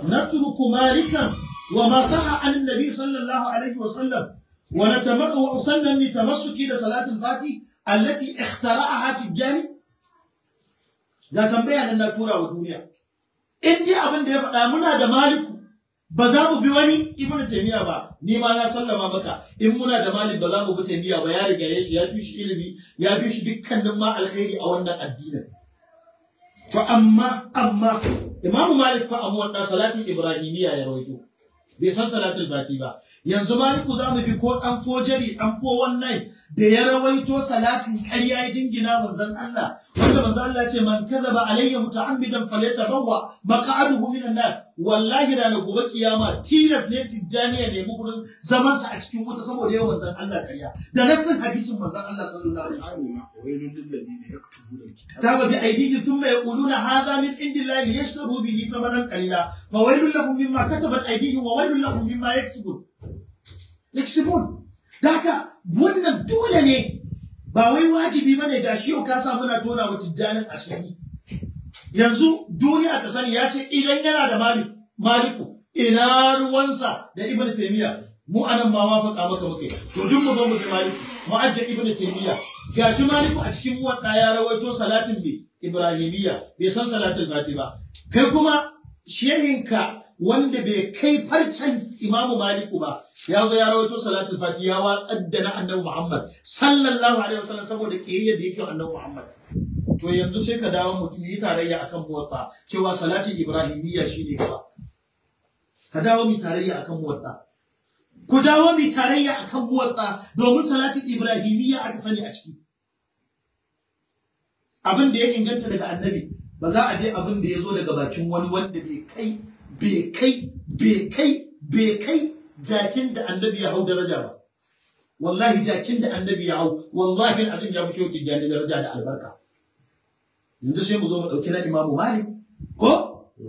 natruku malikan Wa صح عن النبي صلى الله عليه وسلم وسلم لتمسكي لصلاة الفاتي التي اخترعها تجاني tambaya nan na tura wa duniya in dai abin da ya faɗa muna da maliku ba za mu bi wani ibnu taymiya ba ni ma na sallama maka in muna da malik ba za mu bi taymiya ba ya riga shi ya fi shi ilimi ya fi shi dukkanin ma alkhairi a wannan addinin to amma amma imamu malik fa amma salatin ibrahimiyya ya rawaito bai san salatul fati ba yanzu maliku za mu bi ko ɗan fojari ɗan ko wannan da ya rawaito salatin ƙarya ya dingina manzon Allah wanda manzon Allah ce man ba alayya muta'ammidan falyatabawa maq'aduhu minan nan" wallahi da na gobe kiyama tilas ne tijjaniya ne mu gurin zaman sa a cikin wuta saboda yawan manzon Allah ƙarya da nassin hadisin manzon Allah sallallahu alaihi wasallam wailul lil ladina yaktubuna alkitaba taba bi aydihim thumma yaquluna hadha min indillahi yashtaru bihi thamanan qalila fa wailul lahum mimma katabat aydihim wa wailul lahum mimma yaksubun flexible daka haka wannan dole ne ba wai wajibi ba ne gashi yau kasa muna tona wa tijjanin asiri yanzu duniya ta sani ya ce idan yana da malik maliku ina ruwansa da ibn taymiya mu anan ma wafaka maka muke to duk mu mu maliku mu ajje ibn taymiya gashi maliku a cikin muwadda ya rawaito salatin bi ibrahimiyya bai san salatul fati ba kai kuma shehinka wanda bai kai farcen imamu maliku ba ya zo ya rawaito salatul fati ya watsar da na annabi muhammad sallallahu alaihi wasallam saboda kiyayya da yake annabi muhammad to yanzu sai ka dawo mu yi tarayya akan muwatta cewa salati ibrahimiyya shine gaba ka dawo mu tarayya akan muwatta ku dawo mu tarayya akan muwatta domin salati ibrahimiyya aka sani a ciki abin da ya inganta daga annabi ba za a je abin da ya zo daga bakin wani wanda bai kai bai kai bai kai bai kai jakin da annabi ya hau daraja ba wallahi jakin da annabi ya hau wallahi na azin ya fi shoki da daraja da albarka yanzu sai mu zo mu dauki na imamu malik ko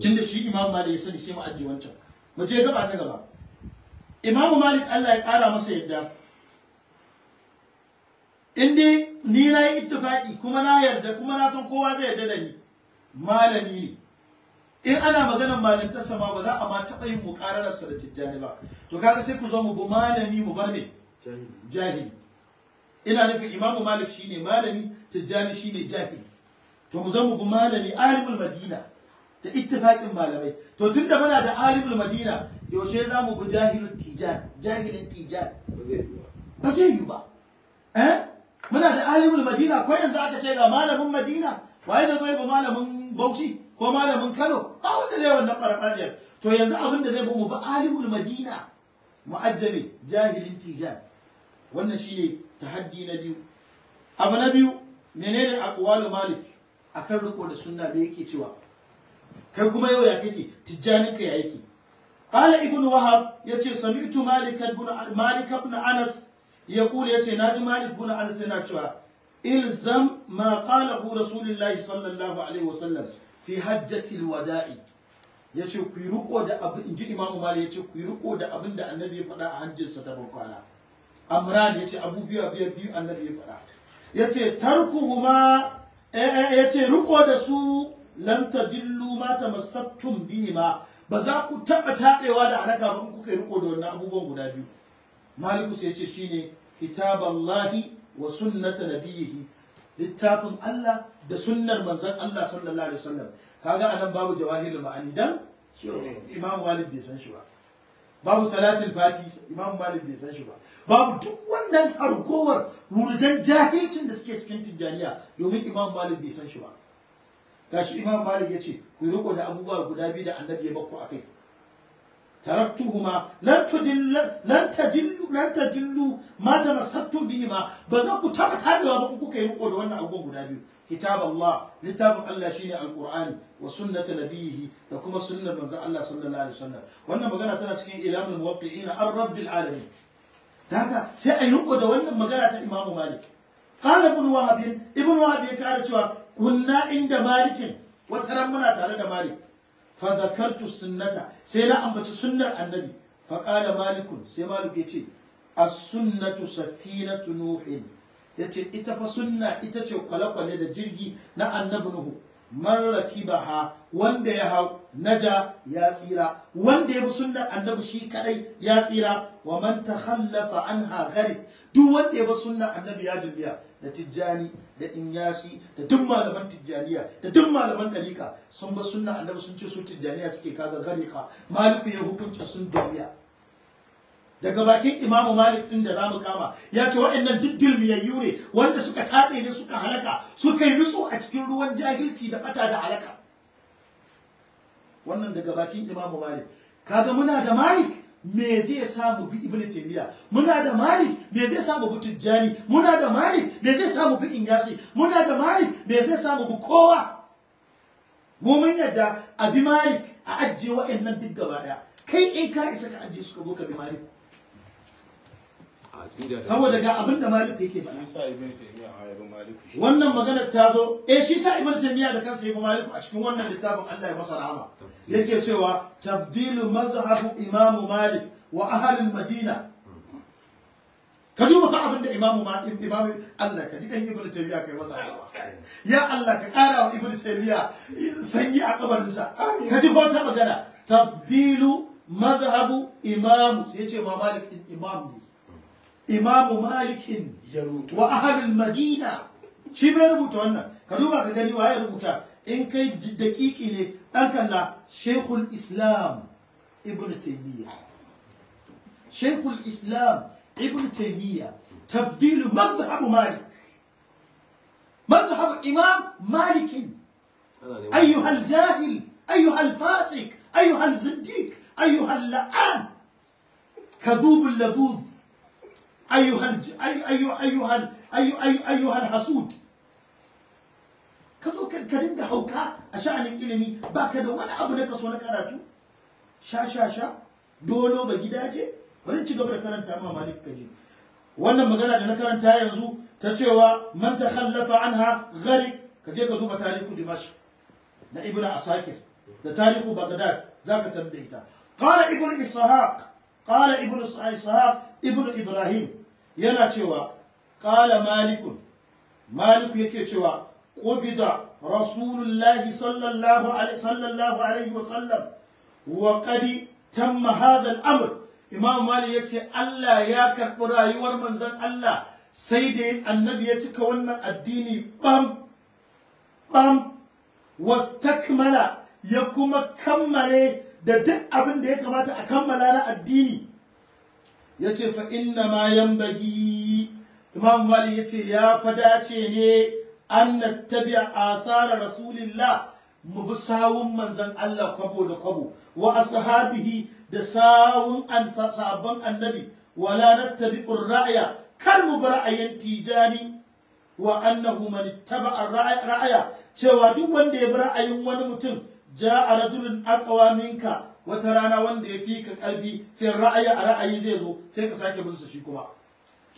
kin da shi imamu malik ya sani sai mu ajiye wancan mu je gaba ta gaba imamu malik Allah ya kara masa yadda in dai ni na yi ittifaqi kuma na yarda kuma na san kowa zai yarda da ni malami ne in ana maganar malintarsa sama ba za a ma taɓa yin muƙarararsa da tijjani ba to kaga sai ku zo mu bu malami mu bar me jahili ina nufin imamu malik shine malami tijjani shine jahili to mu zo mu bu malami alimul madina da ittifaqin malamai to tunda muna da alimul madina yaushe za mu bi jahilul tijan jahilin tijan ba sai yi ba eh muna da alimul madina ko yanzu aka ce ga malamin madina waye zai zo ya malamin bauchi ko malamin Kano ba wanda zai wannan farfadiyar to yanzu abin da zai bi mu ba alimul madina mu'ajjali jahilin tijan wannan shine tahaddi na biyu abu na biyu menene aqwalu malik akan riko da sunna me yake cewa kai kuma yau ya kake tijanin ka ya yake qala ibn wahab yace sami'tu malik ibn malik ibn anas yaqul yace naji malik ibn anas yana cewa ilzam ma qalahu rasulullahi sallallahu alaihi wasallam fi hajjatil wada'i yace ku yi riko da abin inji Imam mali yace ku yi riko da abin da Annabi ya faɗa a hajjinsa ta bankwana Amran yace abubuwa biyu biyu Annabi ya faɗa yace tarkuhuma eh, eh, eh, yace riko da su lam tadillu ma tamassaktum bihima ba za ku taɓa taɗewa da alaka ba kuka yi riko da wannan abubuwan guda biyu Maliku sai ce shine kitaballahi wa sunnata nabiyihi littafin Allah da sunnar manzan Allah sallallahu alaihi wasallam kaga anan babu jawahirul ma'ani dan Imam walid bai san shi ba babu salatul fati Imam Malik bai san shi ba babu duk wannan harkowar wurdan jahilcin da suke cikin tijjaniya domin Imam Malik bai san shi ba gashi Imam Malik ce, ku riko da abubuwa guda biyu da Annabi ya bakku kai. taraktuhuma lan tudillu lan tadillu lan tadillu ma tamassaktum bihima ba za ku taba tabewa ba in kuka yi riko da wannan abubuwan guda biyu kitab Allah littafin Allah shine alqur'ani wa sunnata nabiyhi da kuma sunnar manzon Allah sallallahu alaihi wasallam wannan magana tana cikin ilamul muwaqqi'ina ar rabbil alamin daga sai a yi riko da wannan magana ta Imam Malik qala ibn wahab ibn wahab ya kara cewa kunna inda malikin wataran muna tare da malik fa zakartu sunnata sai na ambaci sunnar annabi fa qala malikun sai malik yace as-sunnatu safinatu nuhin yace ita fa sunna ita ce kwale-kwale da jirgi na annabi nuhu marraki baha wanda ya hau naja ya tsira wanda ya bi sunnar annabi shi kaɗai ya tsira wa man takhallafa anha gharib duk wanda ya bi sunnar annabi ya dubiya da tijjani da inyasi da duk malaman tijjaniya da duk malaman dalika sun ba sunna annabi sun ce su tijjaniya suke kaga gariqa maliki ya hukunta sun duniya daga bakin imamu malik din da zamu kama ya ce waɗannan duk miyayyu ne wanda suka taɓe ne suka halaka suka yi rusu a cikin ruwan jahilci da bata da halaka wannan daga bakin imamu malik kaga muna da malik me zai sa bi ibnu taymiya muna da malik me zai bi tijjani muna da malik me zai sa bi injasi muna da malik me zai bi kowa mu mun yadda a bi malik a ajiye wa'annan duk gaba daya kai in ka isa ka ajje su ka zo ka bi malik saboda ga abin da malik yake faɗa wannan magana ta zo eh shi sa ibn taymiya da kansa ibn maliku a cikin wannan littafin Allah ya masa rahama yake cewa tabdilu madhhabu imam malik wa ahli madina ka duba fa abin da imam imam Allah ka ji kan ibn taymiya kai masa rahama ya Allah ka kara wa ibn taymiya sanyi a kabarinsa ka ji bauta magana tabdilu madhhabu imam sai ya ce ma malik imam ne إمام مالك يروت وأهل المدينة شبر بوتونا كدوبا كجاني وهاي ربوتا إن كي دقيق إلي أنك لا شيخ الإسلام ابن تيمية شيخ الإسلام ابن تيمية تفضيل مذهب مالك مذهب إمام مالك أيها الجاهل أيها الفاسق أيها الزنديق أيها اللعان كذوب اللذوذ ayyuhan ayyuhan ayyuhan hasud ka zo ka dinga hauka a sha'anin ilimi baka da wani abu na kaso na karatu sha sha sha dolo ba gidaje bari ci gaba da karanta ma malik kaji wannan magana da na karanta yanzu ta cewa man takhallafa anha gharib kaje ka zuba tarihu dimash na ibn asakir da tarihu bagdad zaka tabbaita qala ibn ishaq qala ibn ishaq ibnu ibrahim yana cewa kala malikun maliku yake cewa qubida rasulullahi sallallahu alaihi sallallahu alaihi wa sallam wa qad tamma hadha amr imam malik yace Allah ya karɓi rayuwar manzon Allah sai da annabi ya cika wannan addini bam bam wastakmala ya kuma kammale da duk abin da ya kamata a kammala na addini ya ce fa inna ma bagi. imam malik ya ce ya fa dace ne an asarar rasulillah mu bi sawun manzon Allah kwabo da kwabo wa ashabihi da sawun an annabi wala nattabi'ur ra'ya kar mu bi ra'ayin tijani wa annahu man cewa duk wanda ya bi ra'ayin wani mutum ja'a rajulun aqwa minka wata rana wanda ya fi ka ƙarfi fin ra'ayi a ra'ayi zai zo sai ka sake bin shi kuma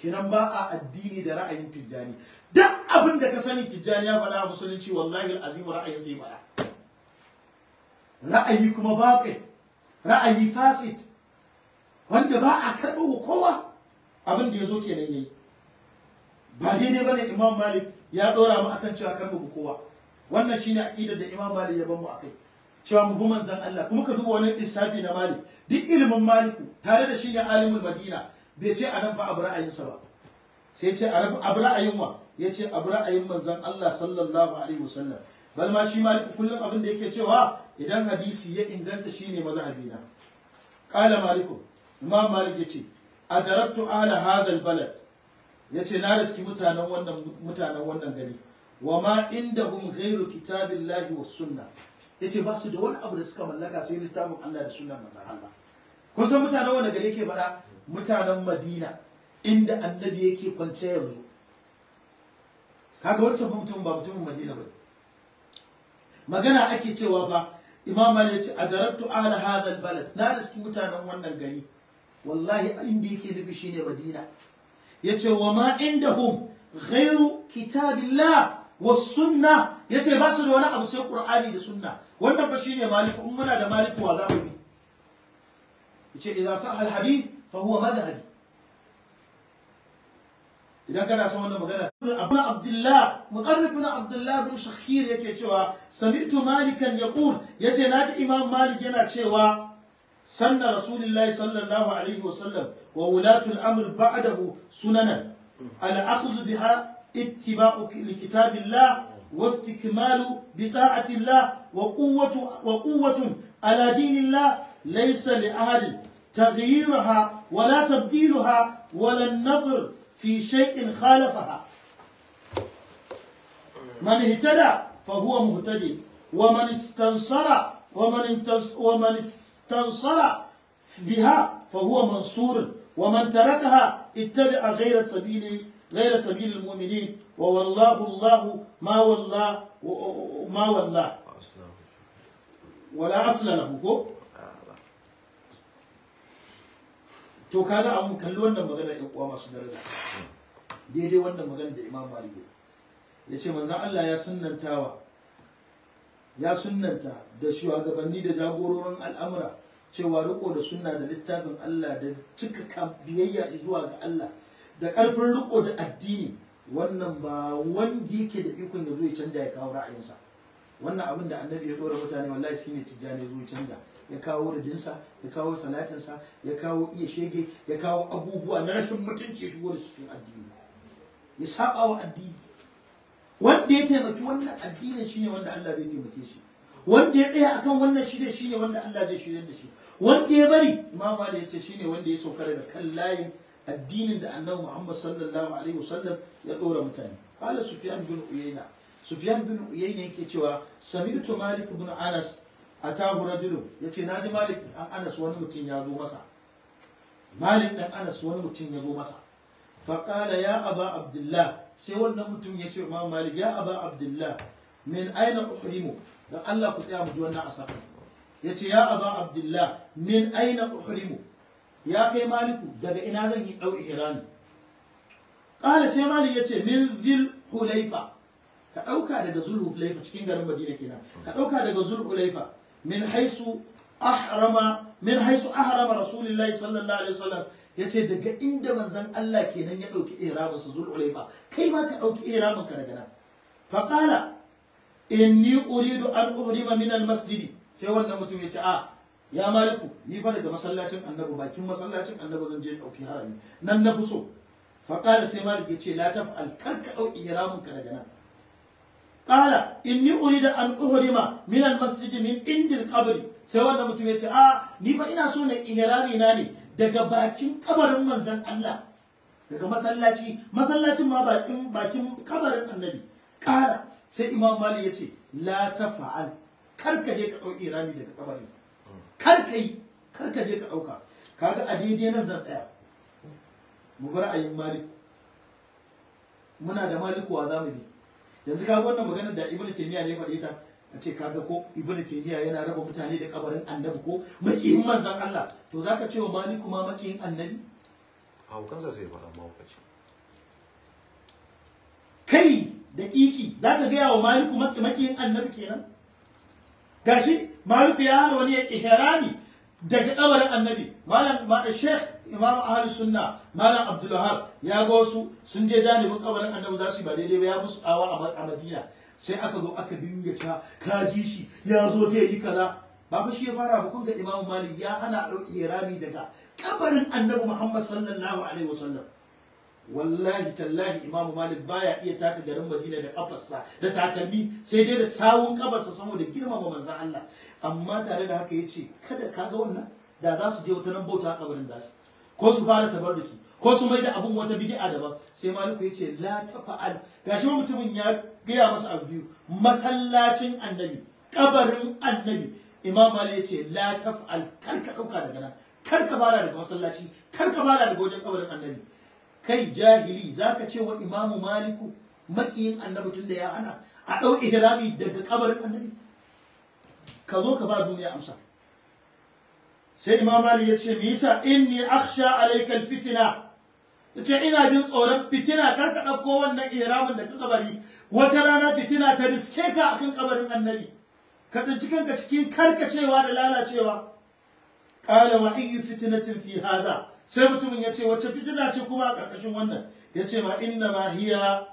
kenan ba a addini da ra'ayin tijjani duk abin da ka sani tijjani ya faɗa musulunci wallahi azim ra'ayin sai faɗa ra'ayi kuma batil ra'ayi fasit wanda ba a karɓa wa kowa abin da ya zo kenan yayi ba daidai ne imam malik ya ɗora mu akan cewa karɓa kowa wannan shine aqidar da imam malik ya ban mu akai cewa mu guman zan Allah kuma ka duba wani lissafi na Malik duk ilimin Maliku tare da shi ne alimul Madina bai ce a nan fa abu sa ba sai ce abu ra'ayin wa ya ce abu ra'ayin manzon Allah sallallahu alaihi wasallam bal ma shi Malik kullum abin da yake cewa idan hadisi ya inganta shine mazhabi na qala maliku imam malik yace adarabtu ala hadha balad yace na riski mutanen wannan mutanen wannan gari wa ma inda hum ghairu kitabillahi suna, sunna ce ba su da wani abu da suka mallaka sai littafin Allah da sunan manzon Allah kusan mutanen wanda gari ke bada mutanen Madina inda annabi yake kwance yanzu kaga wancan mutum ba mutumin Madina ba magana ake cewa ba imam ya ce daraktu ala hadha albalad na da riski mutanen wannan gari wallahi inda yake nufi shine Madina yace wa ma indahum ghairu kitabillah was sunna ce ba su da wani abu sai qur'ani da sunna wannan ba shi ne maliku in muna da maliku wa za mu bi yace idan sa al hadith fa huwa madhhab idan kana son wannan magana abu abdullah muqarrib ibn abdullah bin shakhir yake cewa sami'tu malikan yaqul yace naji imam malik yana cewa سن رسول Sallallahu Alaihi Wasallam, wa وسلم وولاة الأمر sunanan سننا الأخذ بها اتباع لكتاب الله واستكمال بطاعة الله وقوة, وقوة على دين الله ليس لأحد تغييرها ولا تبديلها ولا النظر في شيء خالفها من اهتدى فهو مهتدي ومن استنصر ومن ومن استنصر بها فهو منصور ومن تركها اتبع غير سبيل غير سبيل المؤمنين ووالله الله ما والله ما والله ولا اصل له ko to kaga an kalli wannan magana ɗan uwa masu daraja daidai wannan magana da Imam Malik ya ce manzon Allah ya sunnantawa ya sunnanta da shugabanni da jagororin al'amura cewa riko da sunna da littafin Allah da cika biyayya zuwa ga Allah da ƙarfin riko da addini wannan ba wanda yake da ikon da zai canja ya kawo ra'ayinsa wannan abin da annabi ya dora mutane wallahi ne tijjani zai canja ya kawo rudinsa ya kawo salatinsa ya kawo iya shege ya kawo abubuwa na rashin mutunci shigo da cikin addini ya saba wa addini wanda ya taimaki wannan addinin shine wanda Allah zai taimake shi wanda ya tsaya akan wannan shirye shine wanda Allah zai shirye da shi wanda ya bari imam da ya ce shine wanda ya sauka daga kan layin addinin da annabi Muhammad sallallahu alaihi wasallam ya dora mutane qala sufyan bin uyayna sufyan bin uyayna yake cewa sami'tu malik bin anas atahu rajul yace naji malik dan anas wani mutum ya zo masa malik dan anas wani mutum ya zo masa qala ya aba abdullah sai wannan mutum ya ce malik ya aba abdullah min aina uhrimu dan Allah ku tsaya mu ji wannan asar ya ce ya aba abdullah min aina uhrimu ya kai maliku daga ina zan yi ɗau ihrami ƙala sai malik ya ce min zil hulaifa ka ɗauka daga zul hulaifa cikin garin madina kenan ka ɗauka daga zul hulaifa min haisu ahrama min haisu ahrama rasulullahi sallallahu alaihi wasallam yace daga inda manzon Allah kenan ya ɗauki su zul hulaifa kai ma ka ɗauki ka daga nan fa qala inni uridu an uhrima min al masjidi sai wannan mutum ya ce a ah, ya maliku ni fa daga masallacin annabi bakin masallacin annabi zan je dauki harami nan na fi so fa kala sai malik ya ce la taf'al karka dau ihramin ka daga nan kala inni urida an uhrima min al masjid min indil qabr sai wanda mutum ya ce a ni fa ina so na ihrami na ne daga bakin kabarin manzon Allah daga masallaci masallacin ma bakin bakin kabarin annabi kala sai imam malik ya ce la taf'al karka je ka dau ihrami daga kabarin kar ka yi kar ka je ka ɗauka kaga a daidai nan zan tsaya mu bar ayin malik muna da maliku wa zamu bi yanzu kaga wannan maganar da ibnu taymiya ne faɗi ta a ce kaga ko ibnu taymiya yana raba mutane da kabarin annabi ko makiyin manzon Allah to zaka ce wa maliku ma makiyin annabi hukansa sai faɗa mahaukaci kai da kiki zaka ga wa maliku makiyin annabi kenan gashi malik ya hana wani ya ihrami daga kabarin annabi malam sheikh imam ahli sunna malam abdul ya ga wasu sun je janibin kabarin annabi za su yi ba daidai ba ya musu awa a madina sai aka zo aka dinga ta ka ji shi ya zo zai yi kaza ba shi ya fara ba kun ga imam malik ya hana ɗauki rami daga kabarin annabi muhammad sallallahu alaihi wasallam wallahi tallahi imamu malik baya iya taka garin madina da kafarsa da takalmi sai dai da sawun kafarsa saboda girmama manzon Allah amma tare da haka yace kada ka ga wannan da za su je wata nan bauta kabarin da su ko su fara tabarruki ko su mai da abun wata bid'a daban sai malik yace la tafa'al gashi mutumin ya gaya masa abu biyu masallacin annabi kabarin annabi imamu malik yace la tafa'al kar ka dauka daga nan kar ka fara daga masallaci kar ka fara daga wajen kabarin annabi kai jahili zaka ce wa imamu maliku makiyin annabi tunda ya ana a ɗau ihrami daga kabarin annabi ka zo ka ba duniya amsa sai imam malik ya ce me yasa inni akhsha alayka alfitna yace ina jin tsoron fitina kar ka ɗauko wannan ihramin da ka kabari wata rana fitina ta riske ka akan kabarin annabi ka tsinci kanka cikin karkacewa da lalacewa qala wa fitina fitnatin fi sai mutumin ya ce wacce fitina ce kuma a ƙarƙashin wannan ya ce ma inna ma hiya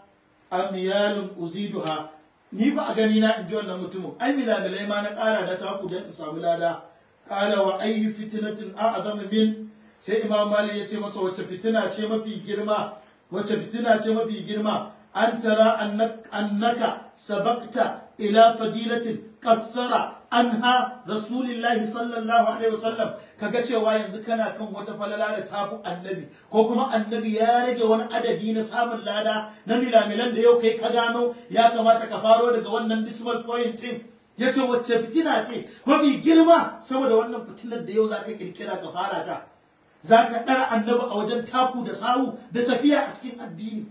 amyalun uziduha ni ba a gani na in ji wannan mutumin ai da ma na ƙara da taku don in samu lada ƙala wa ayyu fitinatin a'azama min sai imam malik ya ce masa wacce fitina ce mafi girma wacce fitina ce mafi girma an tara annaka sabakta ila fadilatin qassara anha rasulillahi sallallahu alaihi wasallam kaga cewa yanzu kana kan wata falala da tafi annabi ko kuma annabi ya rage wani adadi na samun lada na milamilan da yau kai ka gano ya kamata ka faro daga wannan decimal point din yace wacce fitina ce mafi girma saboda wannan fitinar da yau zaka kirkira ka fara ta zaka dara annabi a wajen taku da sawu da tafiya a cikin addini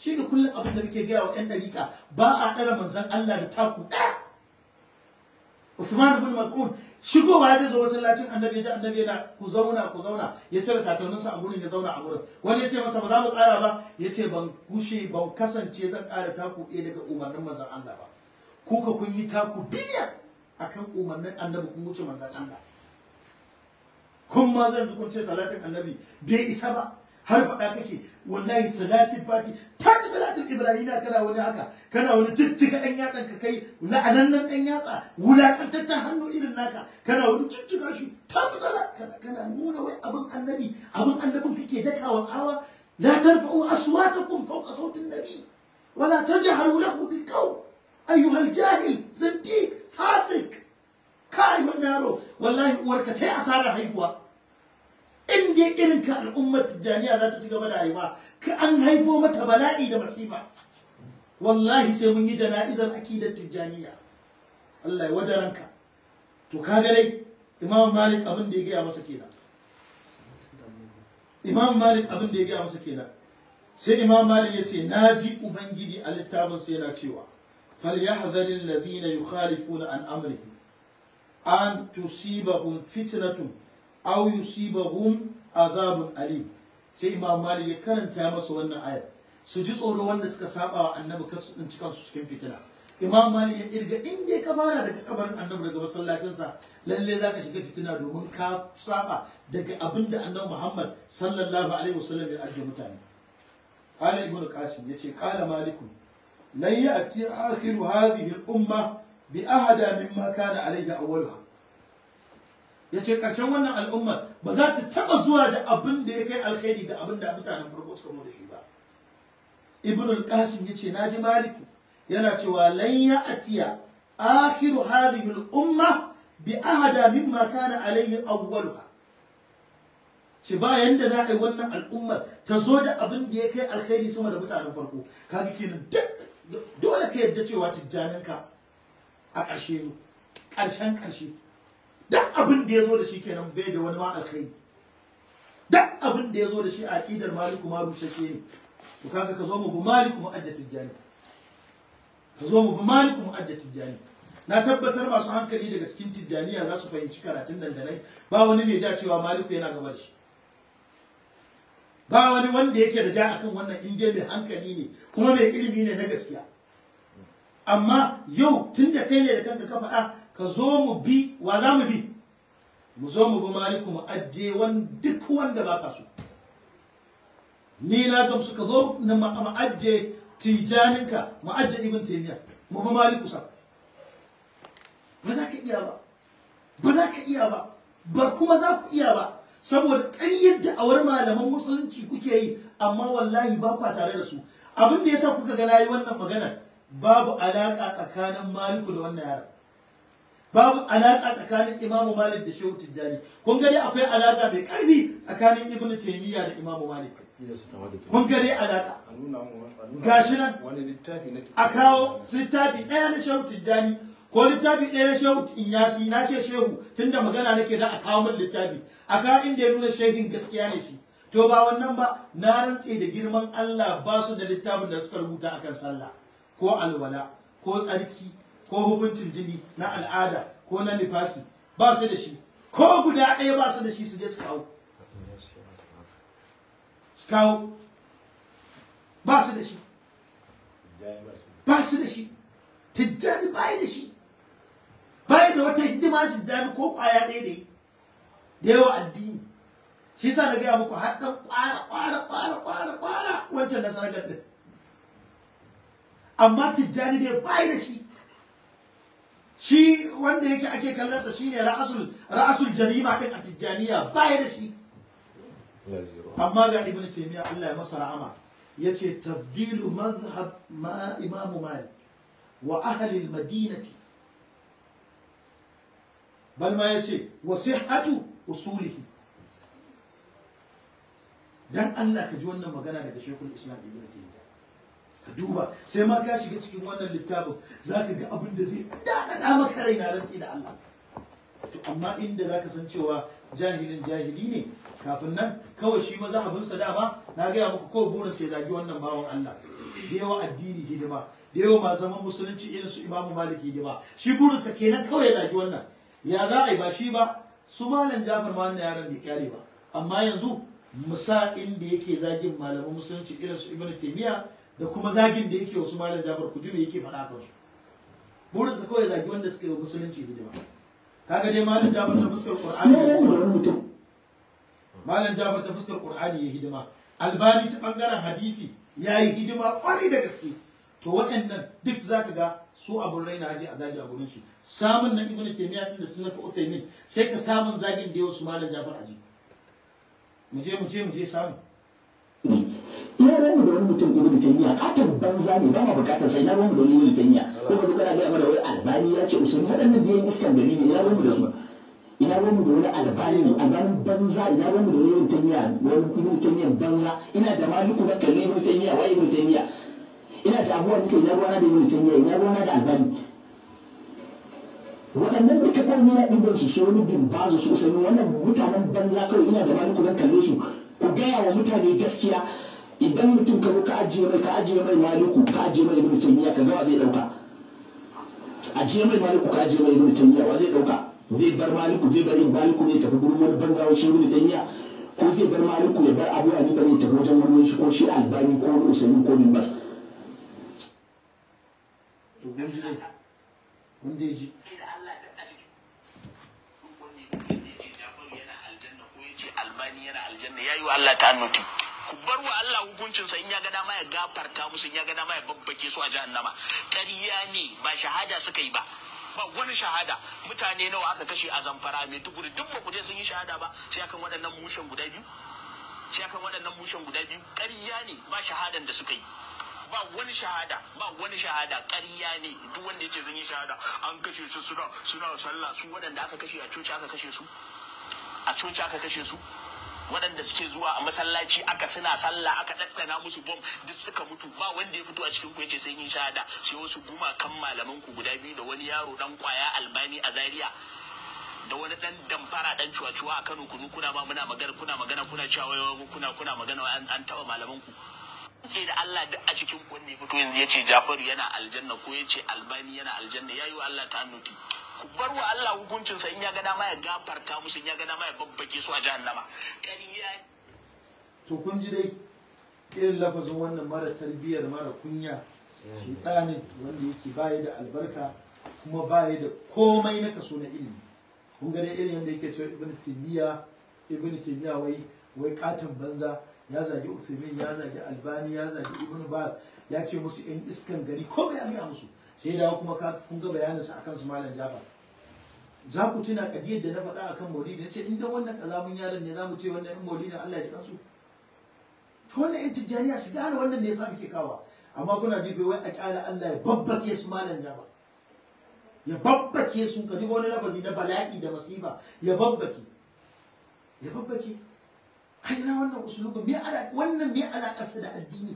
shi ne kullum abin da muke gaya wa 'yan dariƙa ba a ɗara manzan Allah da taku ɗaya Uthman ibn Mas'ud ba ya zo masallacin annabi ya ji annabi yana ku zauna ku zauna ya cire sa a gurin ya zauna a gurin wani ya ce masa ba za mu ƙara ba ya ce ban kushe ban kasance zan kara taku ɗaya daga umarnin manzon Allah ba kuka kun yi taku biliyan akan umarnin annabi kun wuce manzon Allah kun ma zan kun ce salatin annabi bai isa ba har faɗa kake wallahi salatin fati ta da Ibrahim ibrahima kana wani haka kana wani tuttuka dan yatsan ka kai la'anannan dan yatsa wulaƙantaccen hannu irin naka kana wani tuttuka shi ta da kana nuna wai abin annabi abin annabin kake dakawa tsawa la tarfa'u aswatakum fawqa sautin nabi wala tajharu lahu bil qawl ayyuha al jahil zindiq fasik kai wannan yaro wallahi uwarka tai asarar haihuwa in dai irin ka al'ummar tijjaniya za ta ci gaba da haifa ka an haifo mata bala'i da masifa wallahi sai mun yi jana'izar akidar tijjaniya Allah ya wajen ranka to kaga dai imam malik abin da ya gaya masa kenan imam malik abin da ya gaya masa kenan sai imam malik ya ce na ji ubangiji a littafin sai yana cewa فليحذر الذين يخالفون عن أمره أن تصيبهم فتنة aw yusibahum azabun alim sai imam malik ya karanta masa wannan ayar su ji tsoro wanda suka saba wa annabi kasu su tsinci kansu cikin fitina imam malik ya kirga in dai ka fara daga kabarin annabi daga masallacinsa lalle zaka shiga fitina domin ka saba daga abinda da annabi muhammad sallallahu alaihi wasallam ya ajiye mutane qala ibnu qasim yace qala malikun lan ya'ti akhiru hadhihi al-umma bi ahada mimma kana alayhi ya ce ƙarshen wannan al'ummar ba za ta taɓa zuwa da abin da ya kai alkhairi da abin da mutanen farko suka mu da shi ba ibn al-qasim ya ce ji maliki yana cewa lan atiya akhiru hadhihi al-umma bi ahada mimma kana alayhi awwalha ce ba yanda za a yi wannan al'ummar ta zo da abin da ya kai alkhairi sama da mutanen farko kaga kenan dole ka yadda cewa tijjaninka a ƙarshe ƙarshen ƙarshe duk abin da ya zo da shi kenan bai da wani ma alkhairi duk abin da ya da shi a kidar maliku ma rushe ne to kaga ka zo mu bi maliku mu adda tijjani ka zo mu bi maliku mu adda tijjani na tabbatar masu hankali daga cikin tijjaniya za su fahimci karatun dandanai ba wani ne da cewa maliku yana gabar shi ba wani wanda yake da ja akan wannan in mai hankali ne kuma mai ilimi ne na gaskiya amma yau tun da kai ne da kanka ka faɗa ka zo mu bi wa za mu bi mu zo mu bi maliku mu ajiye duk wanda ba ka so ni na gamsu ka zo na ajiye tijaninka ajiye ibn taymiya mu bi maliku sa ba za ka iya ba ba za ka iya ba ba kuma za ku iya ba saboda ƙaryar da awar malaman musulunci kuke yi amma wallahi ba kwa tare da su abin da sa kuka ga yi wannan magana babu alaƙa tsakanin maliku da wannan yaran babu alaka tsakanin Imam Malik da Shehu Tijjani kun gare akwai alaka mai karfi tsakanin ibnu Taymiyyah da Imam Malik kun gare alaka gashi nan a kawo littafi ɗaya na Shehu Tijjani ko littafi ɗaya na Shehu Inyasi na ce Shehu tunda magana nake da a kawo min littafi a kawo inda ya nuna shehin gaskiya ne shi to ba wannan ba na rantse da girman Allah ba su da littafin da suka rubuta akan sallah ko alwala ko tsarki ko hukuncin jini na al'ada ko na nifasi ba su da shi ko guda ɗaya ba su da shi su je su kawo su kawo ba su da shi ba su da shi tijjani ba da shi ba da wata hidima shi tijjani ko kwaya ɗaya da yi da yawa addini shi sa na gaya muku har ɗan ƙwara ƙwara ƙwara ƙwara ƙwara wancan na sargar amma tijjani ne ba da shi shi wanda yake ake kallonsa shine ra'asul ra'asul jarima din a tijjaniya ba ya da shi amma ga Ibn taymiya Allah ya masa rahama yace tafdilu madhhab ma imamu wa ahli madinati balma yace wa sihhatu usulihi dan Allah ka ji wannan magana daga shekul islam ibnu taymiya duba sai ma ka shiga cikin wannan littafin za ka ga abin da zai daɗaɗa maka rai na rantsi da Allah to amma inda za ka san cewa jahilin jahili ne kafin nan kawai shi maza abinsa dama na gaya muku kowa bonus ya zagi wannan bawan Allah da yawa addini hidima da yawa masu zaman musulunci irin su imamu maliki hidima shi burinsa kenan kawai ya zagi wannan ya za a yi ba shi ba su malam jafar ma wannan yaran bai kare ba amma yanzu musa inda yake zagin malaman musulunci irin su ibnu taymiya da kuma zagin da yake wasu malam jabar ku ji me yake faɗa kan su burin sa kawai zagi wanda suka yi musulunci hidima kaga dai malam jabar ta fuskar qur'ani malam jabar ta fuskar qur'ani ya hidima albani ta bangaren hadisi ya yi hidima kwarai da gaske to waɗannan duk za ka ga su abun raina aji a zagi a gurin su samun nan ibn taymiya din da suna fi min sai ka samun zagin da ya wasu malam jabar ji mu je mu je mu je samun. iya ruwan da wani mutum ibnu taymiya katon banza ne ba ma bukatar sai na ruwan da wani ibnu taymiya ko ba kana ga mana wai albani ya ce usul waɗannan biyan iskan gari ne ina ruwan da su ina ruwan da wani albani ne albani banza ina ruwan da wani ibnu taymiya wani ibnu taymiya banza ina da maliku da kalli ibnu taymiya wai ibnu taymiya ina da abuwa nake ina ruwana da ibnu taymiya ina ruwana da albani waɗannan duka ban yana ɗiban su so ni bin bazu su sani wannan mutanen banza kawai ina da maliku zan kalle su ku gaya wa mutane gaskiya idan mutum ka ka ajiye mai ka ajiye mai maliku ka ajiye mai ibnu taymiya ka ga zai dauka ajiye mai maliku ka ajiye mai ibnu taymiya wa zai dauka zai bar maliku zai bar maliku ne tafi gurin wani banza wa shehu taymiya ko zai bar maliku ya bar abu hanifa ne tafi wajen wani shi ko shi albani ko wani usaini ko bin bas wanda ya ji albani yana aljanna yayi wa Allah ta'annuti ku bar wa Allah hukuncinsa in ya ga dama ya gafarta musu in ya ga dama ya babbake su a jahannama ƙarya ne ba shahada suka yi ba ba wani shahada mutane nawa aka kashe a zamfara mai duguri duk ba ku je sun yi shahada ba sai akan waɗannan mushen guda biyu sai akan waɗannan mushen guda biyu ƙarya ne ba shahadan da suka yi ba wani shahada ba wani shahada ƙarya ne duk wanda yace sun yi shahada an kashe su suna suna sallah su waɗanda aka kashe a coci aka kashe su a coci aka kashe su waɗanda suke zuwa a masallaci aka suna sallah aka tattana musu bom duk suka mutu ba wanda ya fito a cikin ku yace sai yin shahada sai wasu gumakan malaman ku guda biyu da wani yaro dan kwaya albani a zaria da wani dan damfara dan cuwa-cuwa a Kano kunu kuna ba muna magana kuna magana kuna cewa kuna kuna magana an taba malaman ku sai da Allah duk a cikin kunne fito yanzu yace Jafaru yana aljanna ko yace Albani yana aljanna yayi wa Allah nuti. bar wa Allah hukuncinsa in ya ga dama ya gafarta musu in ya ga dama ya babbake su a jahannama to kun ji dai irin lafazin wannan mara tarbiyyar mara kunya shaitanin wanda yake baya da albarka kuma baya da komai na kaso na ilimi kun ga dai irin yadda yake cewa ibn taymiya ibn taymiya wai wai katon banza ya zagi uthaymin ya zagi albani ya zagi ibn baz ya ce musu yan iskan gari ko bayani ya musu sai da kuma kun ga bayanin sa akan su malam jafar za ku tuna kadiyar da na faɗa akan maulidi ce in wannan kazamun yaron ne za mu ce wannan in maulidi Allah ya ji kansu to wannan yan tijjaniya su gane wannan ne yasa muke kawa amma kuna ji bai wai a ƙara Allah ya babbake su malam jaba ya babbake su ka ji wani lafazi na bala'i da masifa ya babbake ya babbake ai na wannan usulubu me ala wannan me ala kasa da addini